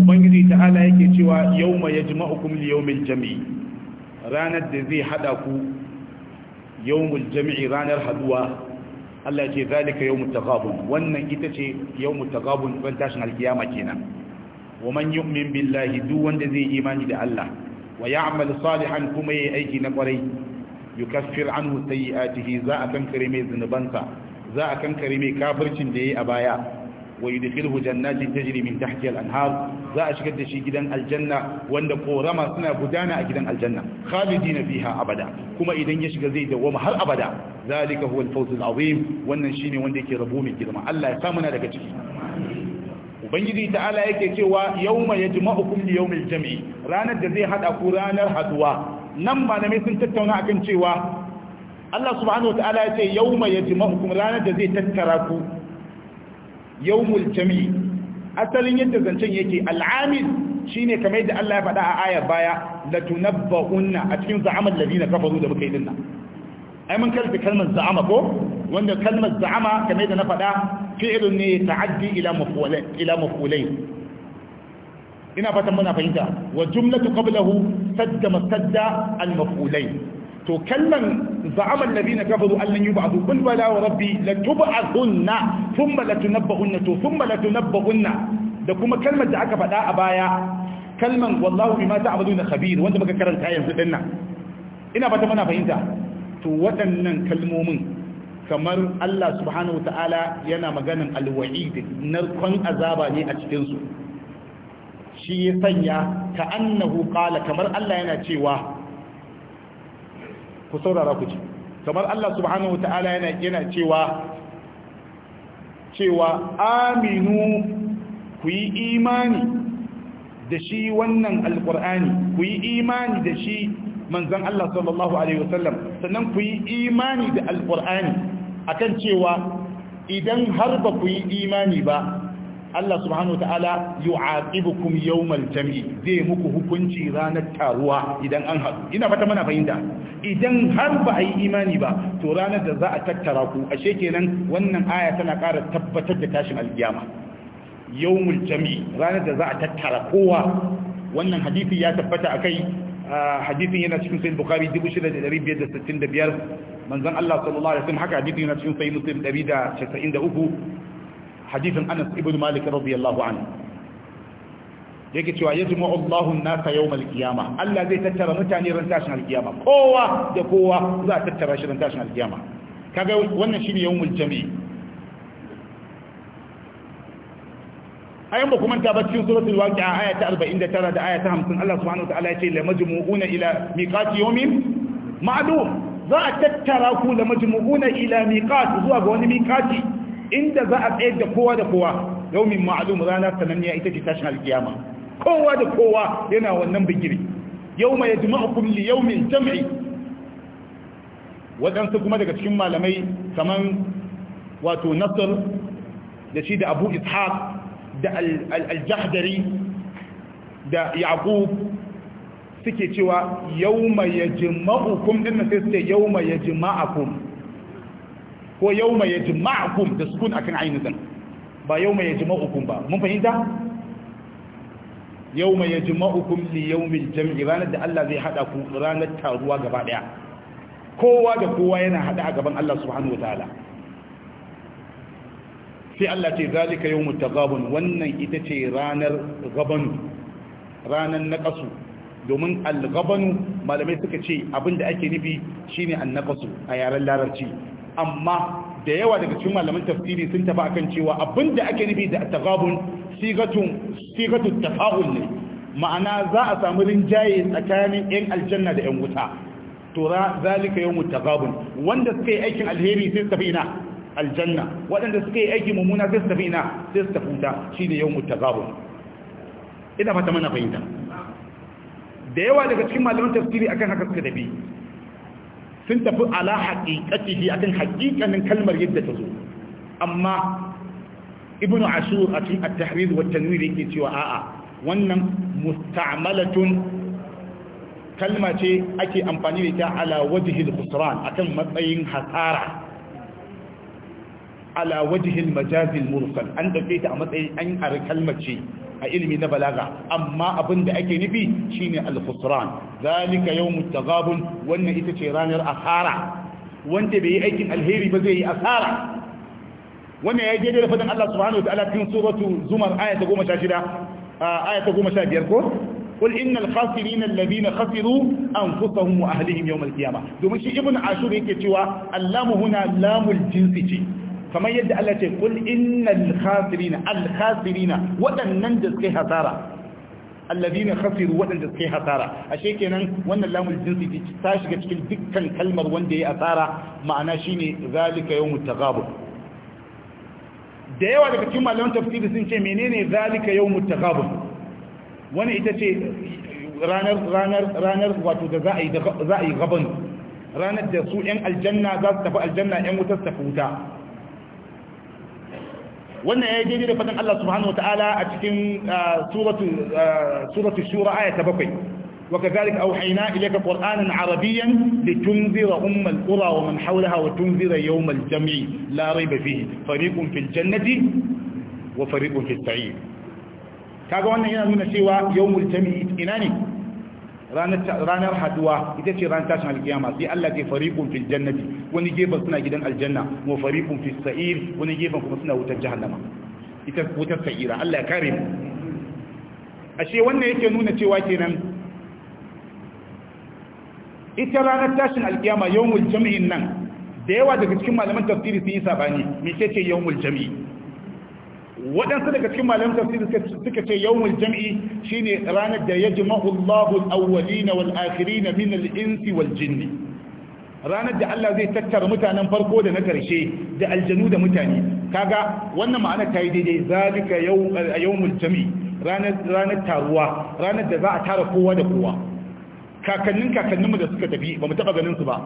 A: Ubangiji ta'ala yake cewa yau mai ya jima'ukum liyaumin jami'i ranar da zai hada ku yawmul jami'i ranar haduwa Allah ce zalika yawmut taghabun wannan ita ce yawmut taghabun ban tashin alkiyama kenan wa man yu'min billahi duk wanda zai imani da Allah wa ya'mal salihan kuma yayi aiki na kwarai yukaffir anhu sayyi'atihi za a kankare mai zunubansa za a kankare mai kafircin da yayi a baya wa yudkhilhu jannatin tajri min tahtiha al-anhar za a shigar da shi gidan aljanna wanda korama suna gudana a gidan aljanna khalidina fiha abada kuma idan ya shiga zai dawoma har abada zalika huwa al-fawz al-azim wannan shine wanda yake rabu mai girma Allah ya sa muna daga ciki ubangiji ta'ala yake cewa yawma yajma'ukum li yawmil jam'i ranar da zai hada ku ranar haduwa nan malamai sun tattauna akan cewa Allah subhanahu wataala ya ce yawma yajma'ukum ranar da zai tattara ku yau jami' asalin yadda zancen yake al'amil shine kamar yadda Allah ya faɗa a ayar baya latunabba'unna a cikin za'amal ladina kafaru da muka yi dinnan ai mun karbi kalmar za'ama ko wanda kalmar za'ama kamar yadda na faɗa fi'lun ne ta'addi ila maf'ulain ina fatan muna fahimta wa jumlatu qablahu sadda masadda al-maf'ulain to kalman za'ama alladhina kafaru an lan yub'athu qul bala wa rabbi latub'athunna thumma latunabbahunna to thumma latunabbahunna da kuma kalmar da aka faɗa a baya kalman wallahu bima ta'maluna khabir wanda muka karanta yanzu dinnan ina fatan muna fahimta to waɗannan kalmomin kamar Allah subhanahu wa ta'ala yana maganan alwa'id narkon azaba ne a cikin su shi ya sanya ka annahu qala kamar Allah yana cewa ku saurara ku ji kamar Allah subhanahu wata'ala yana yana cewa cewa aminu ku yi imani da shi wannan alkur'ani ku yi imani da shi manzan Allah sallallahu alaihi wasallam sannan ku yi imani da alkur'ani akan cewa idan har ba ku yi imani ba Allah subhanahu wataala yu'aqibukum yawmal jam'i zai muku hukunci ranar taruwa idan an haɗu ina fata mana fahimta idan har ba a yi imani ba to ranar da za a tattara ku ashe kenan wannan aya tana ƙara tabbatar da tashin alkiyama yawmal jam'i ranar da za a tattara kowa wannan hadisi ya tabbata akai hadisin yana cikin sahih bukhari 6565 manzon Allah sallallahu alaihi wasallam haka hadisin yana cikin sahih muslim 193 hadithin anas ibn malik radiyallahu anhu yake cewa yajma'u Allahu an-nasa yawm al-qiyamah Allah zai tattara mutane ran tashin al-qiyama kowa da kowa za a tattara shi ran tashin al-qiyama kaga wannan shine yawmul jami' ayan ba kuma ta bacci suratul waqi'a aya ta 49 da aya ta 50 Allah subhanahu wa ta'ala yace la majmu'una ila miqati yawmin ma'dum za a tattara ku la majmu'una ila miqati zuwa ga wani miqati inda za a tsayar da kowa da kowa yaumin ma'alum rana sananniya ita ce tashin alkiyama kowa da kowa yana wannan Yau bigire yauma yajma'ukum li yaumin jam'i waɗansu kuma daga cikin malamai kamar wato nasr da shi da abu ishaq da al-jahdari da yaqub suke cewa yau mai yauma yajma'ukum na sai yau mai yauma yajma'akum ko yau mai yaji ma'akum da sukun akan ainihin ba yau mai yaji ma'ukum ba mun fahimta yau mai yaji ma'ukum ne yau mil jam'i ranar da Allah zai haɗa ku ranar taruwa gaba ɗaya kowa da kowa yana haɗa a gaban Allah subhanahu wa ta'ala sai Allah ce zalika yawmut tagabun wannan ita ce ranar gabanu ranar naqasu domin al-gabanu malamai suka ce abinda ake nufi shine an-naqasu a yaren larabci amma da yawa daga cikin malaman tafsiri sun tafi akan cewa abinda ake nufi da tagabun sigatun sigatun tafa'ul ne ma'ana za a samu rinjaye tsakanin yan aljanna da yan wuta to zalika yawmut tagabun wanda suka yi aikin alheri sai su tafi ina aljanna waɗanda suka yi aikin mummuna sai su tafi ina sai su tafi wuta shine yawmut tagabun ina fata mana fahimta da yawa daga cikin malaman tafsiri akan haka suka tafi sun tafi ala haƙiƙatihi akan haƙiƙanin kalmar yadda ta zo amma ibnu ashur a cikin at-tahrir wa tanwir yake cewa a'a wannan musta'malatun kalma ce ake amfani da ita ala wajhil khusran akan matsayin hasara ala wajhil majazil mursal an dauke ta a matsayin an ar ce a ilimi na balaga amma abin da ake nufi shine al-khusran zalika yawmut taghabun wannan ita ce ranar asara wanda bai yi aikin alheri ba zai yi asara wannan ya je da fadin Allah subhanahu wa ta'ala cikin suratu zumar aya ta 16 aya ta 15 ko قل إن الخاسرين الذين خسروا أنفسهم وأهلهم يوم القيامة دومشي ابن عاشور هيك تيوا اللام هنا لام الجنس kamar yadda Allah ce kul innal khasirina al khasirina waɗannan da suke hasara alladhina khasiru waɗanda suke hasara ashe kenan wannan lamul jinsi ta shiga cikin dukkan kalmar wanda ya asara ma'ana shine zalika yawmut taghabun da yawa daga cikin malaman tafsiri sun ce menene zalika yawmut taghabun wani ita ce ranar ranar ranar wato da za a yi za a yi gaban ranar da su 'yan aljanna za su tafi aljanna 'yan wutar tafi wuta wannan ya yi je da fadin Allah subhanahu wa ta'ala a cikin uh, uh, suratu shura aya ta bakwai wa kazalika auhayna ilayka qur'anan arabiyyan litunzira ummal qura wa man hawlaha wa tunzira yawmal jam'i la rayba fihi fariqun fil jannati wa fariqun fis sa'ir kaga wannan yana nuna cewa yawmul jam'i ina ne ranar haduwa ita ce ranar tashin alkiyama sai Allah ke fariqun fil jannati wani gefen suna gidan aljanna wa fariqun fis sa'ir wani gefen kuma suna wutar jahannama ita wutar sa'ira Allah ya kare mu ashe wannan yake nuna cewa kenan ita ranar tashin alkiyama yawmul jam'in nan da yawa daga cikin malaman tafsiri sun yi sabani me ce yawmul jam'i waɗansu daga cikin malam tafsir suka ce yawmul jam'i ne ranar da ya ji al-awwalina na akhirina na minal insi wal jinni ranar da Allah zai tattara mutanen farko da na karshe da aljanu da mutane kaga wannan ma'ana ta yi daidai za zalika eh, yawmul jam'i ranar ranar taruwa ranar da za a tara kowa da kowa kakannin kakanninmu da suka tafi ba mu taba ganin ba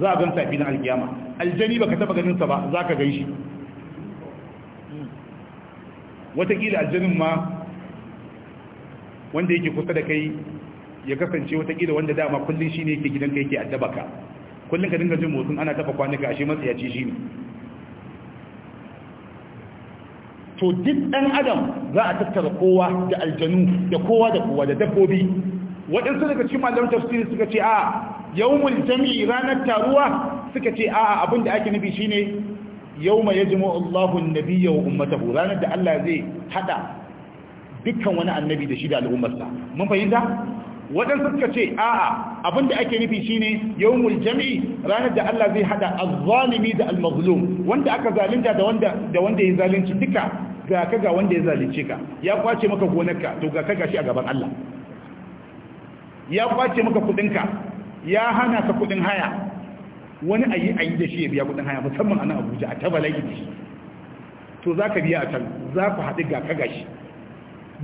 A: za a gan a filin alkiyama aljani ba ka taɓa sa ba zaka gan shi watakila aljanin ma wanda yake kusa da kai ya kasance watakila wanda dama kullum shi ne yake kai yake addaba ka kullum ka dinga jin motsin ana tafa kwanuka ashe matsayaci shi ne to duk ɗan adam za a tattara kowa da aljanu da kowa da kowa da dabbobi waɗansu daga cikin malamin tafsiri suka ce a yawmul jami'i ranar taruwa suka ce a abin da ake nufi shine yau mai ya jimo Allahun nabi yau ummatahu ranar da Allah zai hada dukkan wani annabi da shi da al'ummarsa mun fahimta waɗansu suka ce a'a abin da ake nufi shine yawmul jami'i ranar da Allah zai hada azzalimi da almazlum wanda aka zalunta da wanda da wanda ya zalunci duka ga kaga wanda ya zalunce ka ya kwace maka gonarka to ga kaga shi a gaban Allah ya kwace maka kudinka ya hana ka kudin haya wani ayi yi da shi ya biya kudin haya musamman a nan abuja a tabala yi da shi to za ka biya a can za ku haɗu ga ka gashi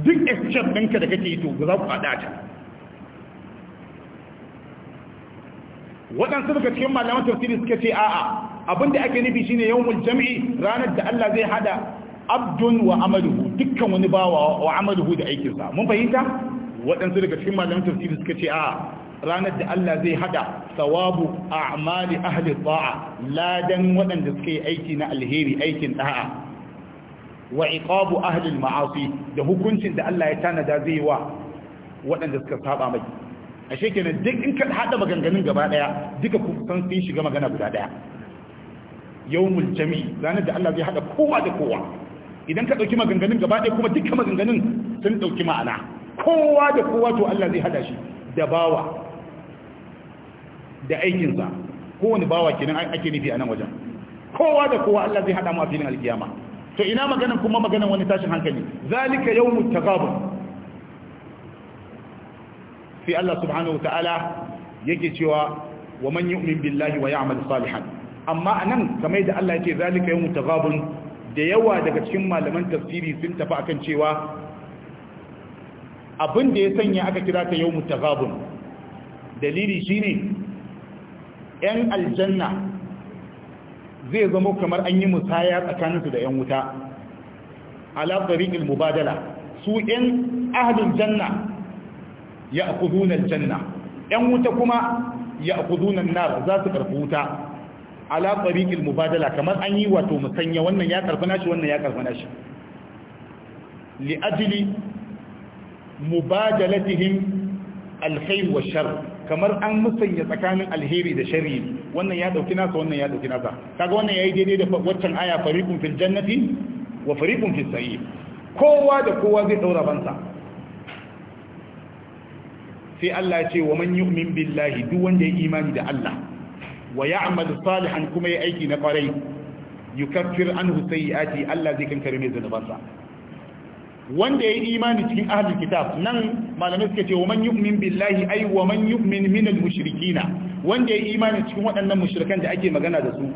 A: duk exchange ɗinka da kake yi to za ku haɗu a can waɗansu daga cikin malaman tafsiri suka ce a'a abin da ake nufi shine yawon jam'i ranar da Allah zai hada abdun wa amaluhu dukkan wani bawa wa amaluhu da aikinsa mun fahimta waɗansu daga cikin malaman tafsiri suka ce a'a ranar da Allah zai hada sawabu a a'mali ahli ta'a ladan waɗanda suka yi aiki na alheri aikin da'a wa iqabu ahli ma'asi da hukuncin da Allah ya tanada zai wa waɗanda suka saba mai A kenan duk in ka haɗa maganganun gaba ɗaya, duka kusan sun shiga magana guda ɗaya. yawmul jami ranar da Allah zai hada kowa da kowa idan ka ɗauki maganganun gaba ɗaya kuma dukkan maganganun sun ɗauki ma'ana kowa da kowa to Allah zai hada shi da bawa da aikinsa kowane bawa kenan ake nufi a nan wajen kowa da kowa Allah zai haɗa mu a filin alkiyama to ina maganan kuma maganan wani tashin hankali zalika yawmut tagabun sai Allah subhanahu ta'ala yake cewa wa man yu'min billahi wa ya'mal salihan amma anan kamar da Allah yake zalika yawmut tagabun da yawa daga cikin malaman tafsiri sun tafi akan cewa abin da ya sanya aka kira ta yawmut tagabun dalili shine 'yan aljanna zai zama kamar an yi musaya tsakaninsu da 'yan wuta alaɓariƙil mubadala su 'yan ahalin janna ya akudunan janna 'yan wuta kuma ya akudunan nar za su ƙarfi wuta alaɓariƙil mubadala kamar an yi wato musanya wannan ya ƙarfi nashi wannan ya ƙarfi nashi li'ajili mubadalatihim alkhair wa shar kamar an musanya tsakanin alheri da shari wannan ya dauki nasa wannan ya dauki nasa kaga wannan yayi daidai da waccan aya fariqun fil jannati wa fariqun fis sa'ir kowa da kowa zai daura bansa sai Allah ya ce wa man yu'min billahi duk wanda ya imani da Allah wa ya'mal salihan kuma ya aiki na kwarai yukaffir anhu sayyi'ati Allah zai kankare mai zanubansa wanda ya yi imani cikin ahlul kitab nan malamai suka ce wa man yu'min billahi ay wa man yu'min min al-mushrikina wanda ya yi imani cikin waɗannan mushrikan da ake magana da su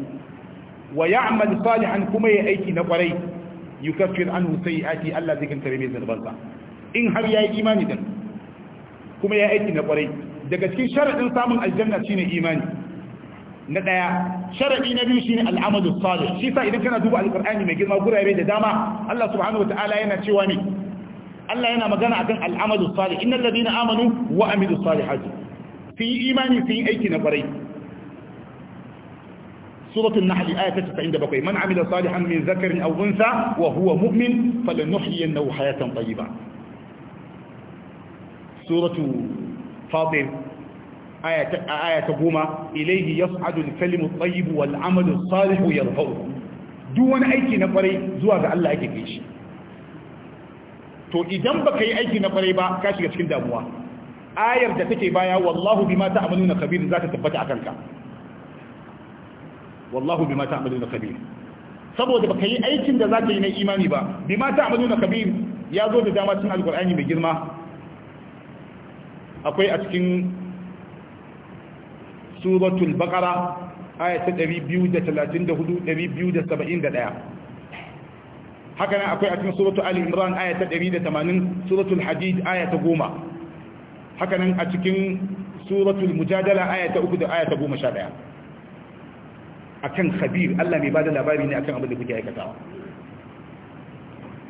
A: wa ya'mal salihan kuma ya aiki na kwarai yukaffir anhu sayyi'ati Allah zai kankare mai zanubansa in har ya yi imani din kuma ya aiki na ƙwarai daga cikin sharadin samun aljanna shine imani na ɗaya sharadi na biyu shi ne al'amadu salih shi sa idan kana duba alqur'ani mai girma gurare da dama Allah subhanahu ta'ala yana cewa ne Allah yana magana akan al'amalu salih innal ladina amanu wa amilu salihati fi imani fi aiki na kwarai سورة النحل آية 97 من عمل صالحا من ذكر أو أنثى وهو مؤمن فلنحيينه حياة طيبة Suratu فاطر aya ta goma ilaihi ya yas'adul kalimu tsayibu wal amalu salihu yarfa'u duk wani aiki na kwarai zuwa ga Allah ake kai shi to idan baka yi aiki na kwarai ba ka shiga cikin damuwa ayar da take baya wallahu bi mata bima ta'maluna khabir za ta tabbata a kanka. wallahu bi mata bima ta'maluna khabir saboda baka yi aikin da za zaka yi na imani ba bi mata bima ta'maluna khabir ya zo da dama cikin alqur'ani mai girma akwai a cikin suratul baqara aya ta 234-271 haka nan akwai a cikin suratul ali imran 180 suratul hadid aya 10 haka nan a cikin suratul mujadala aya 3 da aya ta 11 khabir Allah mai bada labari ne akan abin da kuke aikatawa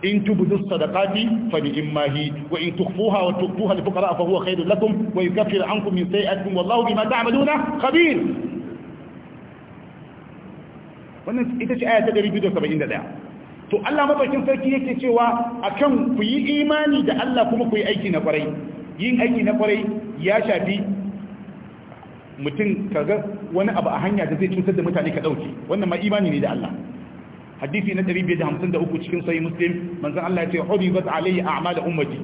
A: in tubdu sadaqati fa ni'ma hi wa in tukhfuha wa tukhfuha lil fuqara fa huwa khairul lakum wa yukaffiru ankum min sayi'atikum wallahu bima ta'maluna khabir wannan ita ce aya ta 271 to Allah mabakin sarki yake cewa akan ku yi imani da Allah kuma ku yi aiki na kwarai yin aiki na kwarai ya shafi mutum kaga wani abu a hanya da zai cutar da mutane ka dauke wannan ma imani ne da Allah hadisi na 553 cikin sai muslim manzon Allah ya ce hubibat alayya a'mal ummati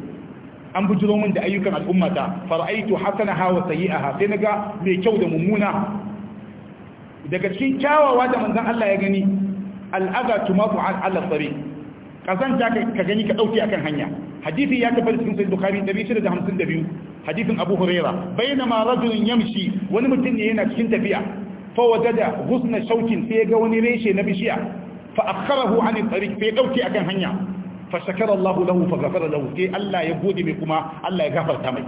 A: an bujiro min da ayyukan al'ummata fara'aitu hasanaha wa sayyi'aha sai naga mai kyau da mummuna daga cikin kyawawa da manzon Allah ya gani al'aza tumatu an ala kazan ta ka gani ka dauki akan hanya hadisi ya tabbata cikin sai bukhari 652 hadisin abu huraira bainama rajulun yamshi wani mutum ne yana cikin tafiya fa wajada ghusna shaukin sai ga wani reshe na bishiya fa akharahu an tariq sai dauke akan hanya fa shakara Allah fa ghafara lahu sai Allah ya gode mai kuma Allah ya gafarta mai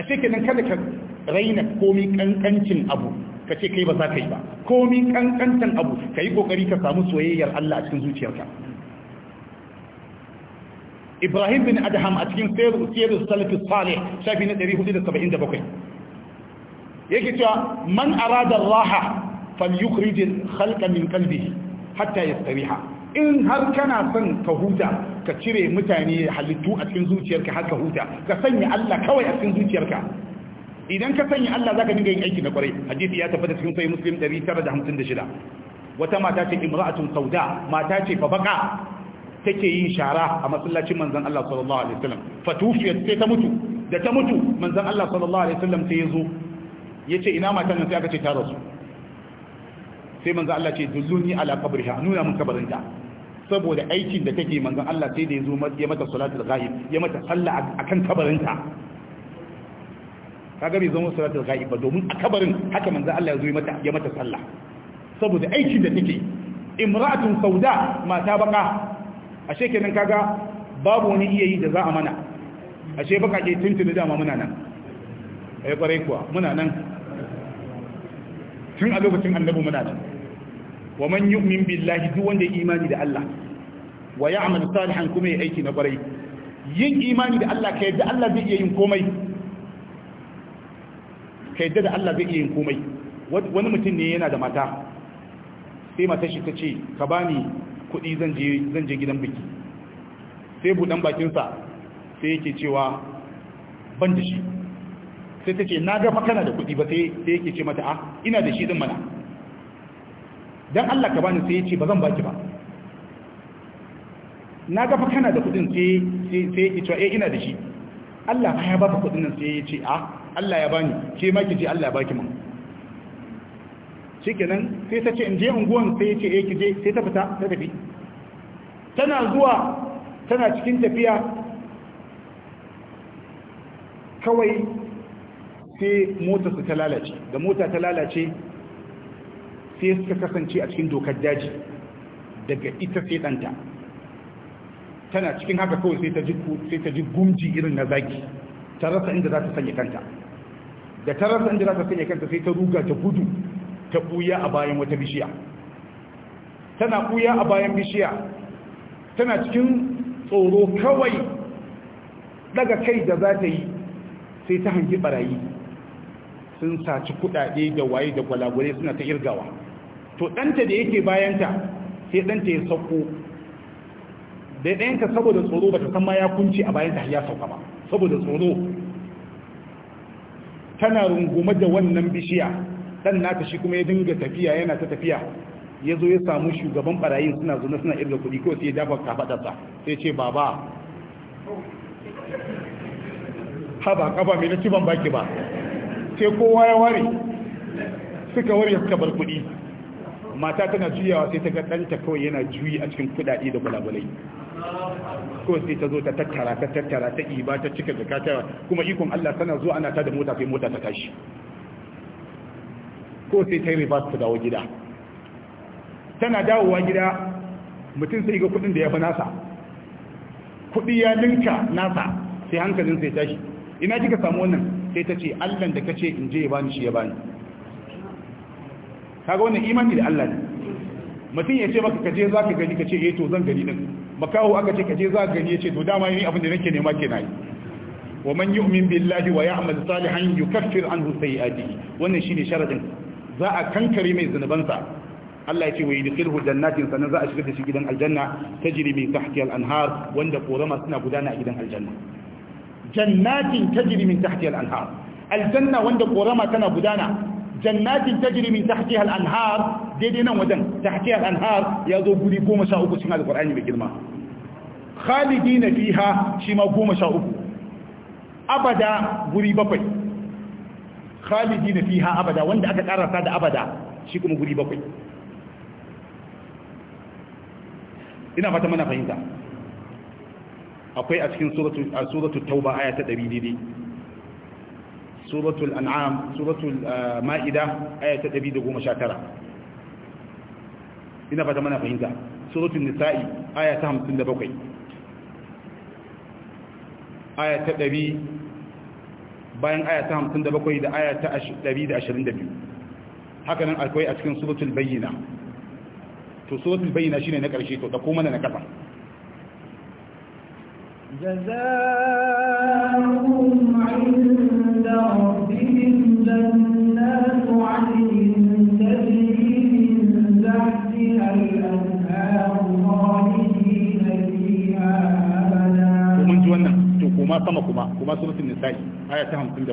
A: a cikin kada ka raina komi kankancin abu ka ce kai ba za ka yi ba komi kankantan abu ka yi kokari ka samu soyayyar Allah a cikin zuciyarka Ibrahim bin Adham a cikin Sirrus Salafus Salih shafi na 477 yake cewa man arada raha falyukrijil khalqa min kalbi hatta ya yastariha in har kana son ka huta ka cire mutane halittu a cikin zuciyarka har ka huta ka sanya Allah kawai a cikin zuciyarka idan ka sanya Allah zaka dinga yin aiki na kwarai hadisi ya tabbata cikin sahih muslim 956 wata mata ce imra'atun sauda mata ce fa baka take yin shara a masallacin manzon Allah sallallahu alaihi wasallam fatufiyat sai ta mutu da ta mutu manzon Allah sallallahu alaihi wasallam sai yazo yace ina matan nan sai aka ce ta rasu sai manzo Allah ce dulluni ala qabriha nuna mun kabarinta saboda aikin da take manzon Allah sai da yazo ya mata salatul ghaib ya mata sallah akan kabarinta kaga bai zama salatul ghaib ba domin a kabarin haka manzon Allah yazo ya mata ya mata sallah saboda aikin da take imra'atun sauda mata baka ashe kenan kaga babu wani iya yi da za a mana ashe baka ke tuntuni dama muna nan ai eh, kwarai kuwa muna nan tun a lokacin annabi muna nan wa man yu'min billahi duk wanda ya imani da Allah wa ya'mal salihan kuma ya aiki na kwarai yin imani da Allah ka yadda Allah zai iya yin komai kai da Allah zai iya yin komai wani mutum ne yana da mata sai matar shi ta ce ka bani kuɗi zan je zan je gidan biki sai buɗan bakinsa sai yake cewa ban da shi sai ta ce na ga fa kana da kuɗi ba sai yake ce mata a ah, ina da shi din mana dan Allah ka bani sai ya ce ba zan baki ba na gafa kana da kudin sai sai ya ce eh ina da shi Allah ya baka kudin nan sai ya ce a ah, Allah ya bani ke ma ki ce Allah ya baki mun shikenan sai ta ce in je unguwan sai ya ce eh ki je sai ta fita ta tafi tana zuwa tana cikin tafiya kawai sai mota su ta lalace da mota ta lalace sai suka kasance a cikin dokar daji daga ita sai ɗanta tana cikin haka kawai sai ta ji gumji irin na zaki ta rasa inda za ta sanya kanta da ta rasa inda za ta sanya kanta sai ta ruga ta gudu ta ɓuya a bayan wata bishiya tana ɓuya a bayan bishiya tana cikin tsoro kawai daga kai da za ta yi sai ta hangi barayi sun saci kudade da waye da gwalagwale suna ta irgawa to danta da yake bayanta sai ɗanta ya sauko da ɗayanka saboda tsoro ba ta san ma ya kunce a bayanta ya sauka ba saboda tsoro tana rungume da wannan bishiya ɗan nata shi kuma ya dinga tafiya yana ta tafiya ya zo ya samu shugaban barayin suna zuna, suna irga kuɗi ko sai ya dafa kafaɗarsa sai ce baba haba kafa mai na ban baki ba sai kowa ya ware suka ware suka bar kuɗi mata tana juyawa sai ta ga ɗanta kawai yana juyi a cikin kuɗaɗe da bulabalai ko sai ta zo ta tattara ta tattara ta iba ta cika da katawa kuma ikon Allah tana zuwa ana ta da mota sai mota ta tashi ko sai ta yi reverse ta dawo gida tana dawowa gida mutum sai ga kuɗin da ya fi nasa kuɗi ya ninka nasa sai hankalin sai tashi ina kika samu wannan sai ta ce Allah da kace in je ya bani shi ya bani kaga wannan imani da Allah ne mutum ya ce maka ka je ka gani ka ce eh to zan gani din makawo aka ce ka je ka gani ya ce to dama ni abin da nake nema ke nayi wa man yu'min billahi wa ya'mal salihan yukaffir anhu sayi'atihi wannan shine sharadin za a kankare mai zunubansa Allah ya ce wa yudkhilhu jannatin sanan za a shiga da shi gidan aljanna tajri min tahtiha al-anhar wanda korama suna gudana a gidan aljanna jannatin tajri min tahtiha al-anhar aljanna wanda korama tana gudana jannatin ta min tahtiha al daidai nan wajen tahtiha al ya zo guri 13 cikin alqur'ani mai girma khalidina fiha shi ma 13 abada guri bakwai khalidina fiha abada wanda aka karasa da abada shi kuma guri bakwai ina fata mana fahimta akwai a cikin suratul tauba aya ta suratul an'am suratul uh, ma'ida aya ta 119 ina fata mana fahimta suratul nisa'i aya ta 57 aya ta 100 bayan aya da aya ta akwai a cikin suratul bayyina to suratul bayyina shine na karshe to da kuma na kafa
B: جزاء
A: sama kuma kuma suratul nisa aya ta 57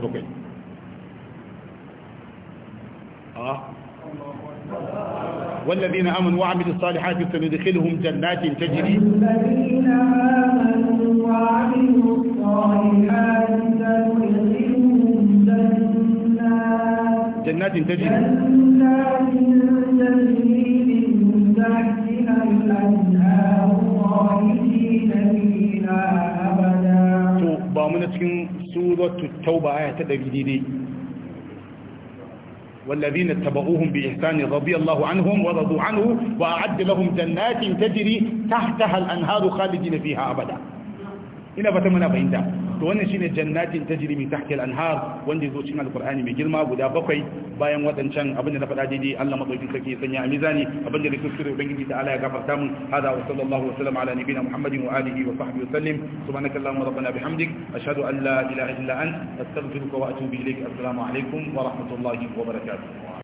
A: a ah. والذين آمنوا وعملوا الصالحات سندخلهم جنات تجري
B: والذين آمنوا وعملوا الصالحات سندخلهم
A: جنات جنات تجري جنات
B: تجري من تحتها الأنهار خالدين
A: فيها أبدا ba mu na cikin suratul tauba aya ta 100 والذين اتبعوهم بإحسان رضي الله عنهم ورضوا عنه وأعد لهم جنات تجري تحتها الأنهار خالدين فيها أبدا ina fata muna fahimta to wannan shine jannatin tajri min tahti al-anhar wanda zo cikin alkur'ani mai girma guda bakwai bayan wadancan abin da na faɗa daidai Allah madaukin sarki ya sanya a mizani abin da nake sura ubangiji ta Allah ya gafarta mun hada wa sallallahu wa sallam ala nabiyina muhammadin wa alihi wa sahbihi wa sallim subhanaka allahumma rabbana bihamdik ashhadu an la ilaha illa ant astaghfiruka wa atubu ilayk assalamu alaikum wa
C: rahmatullahi wa barakatuh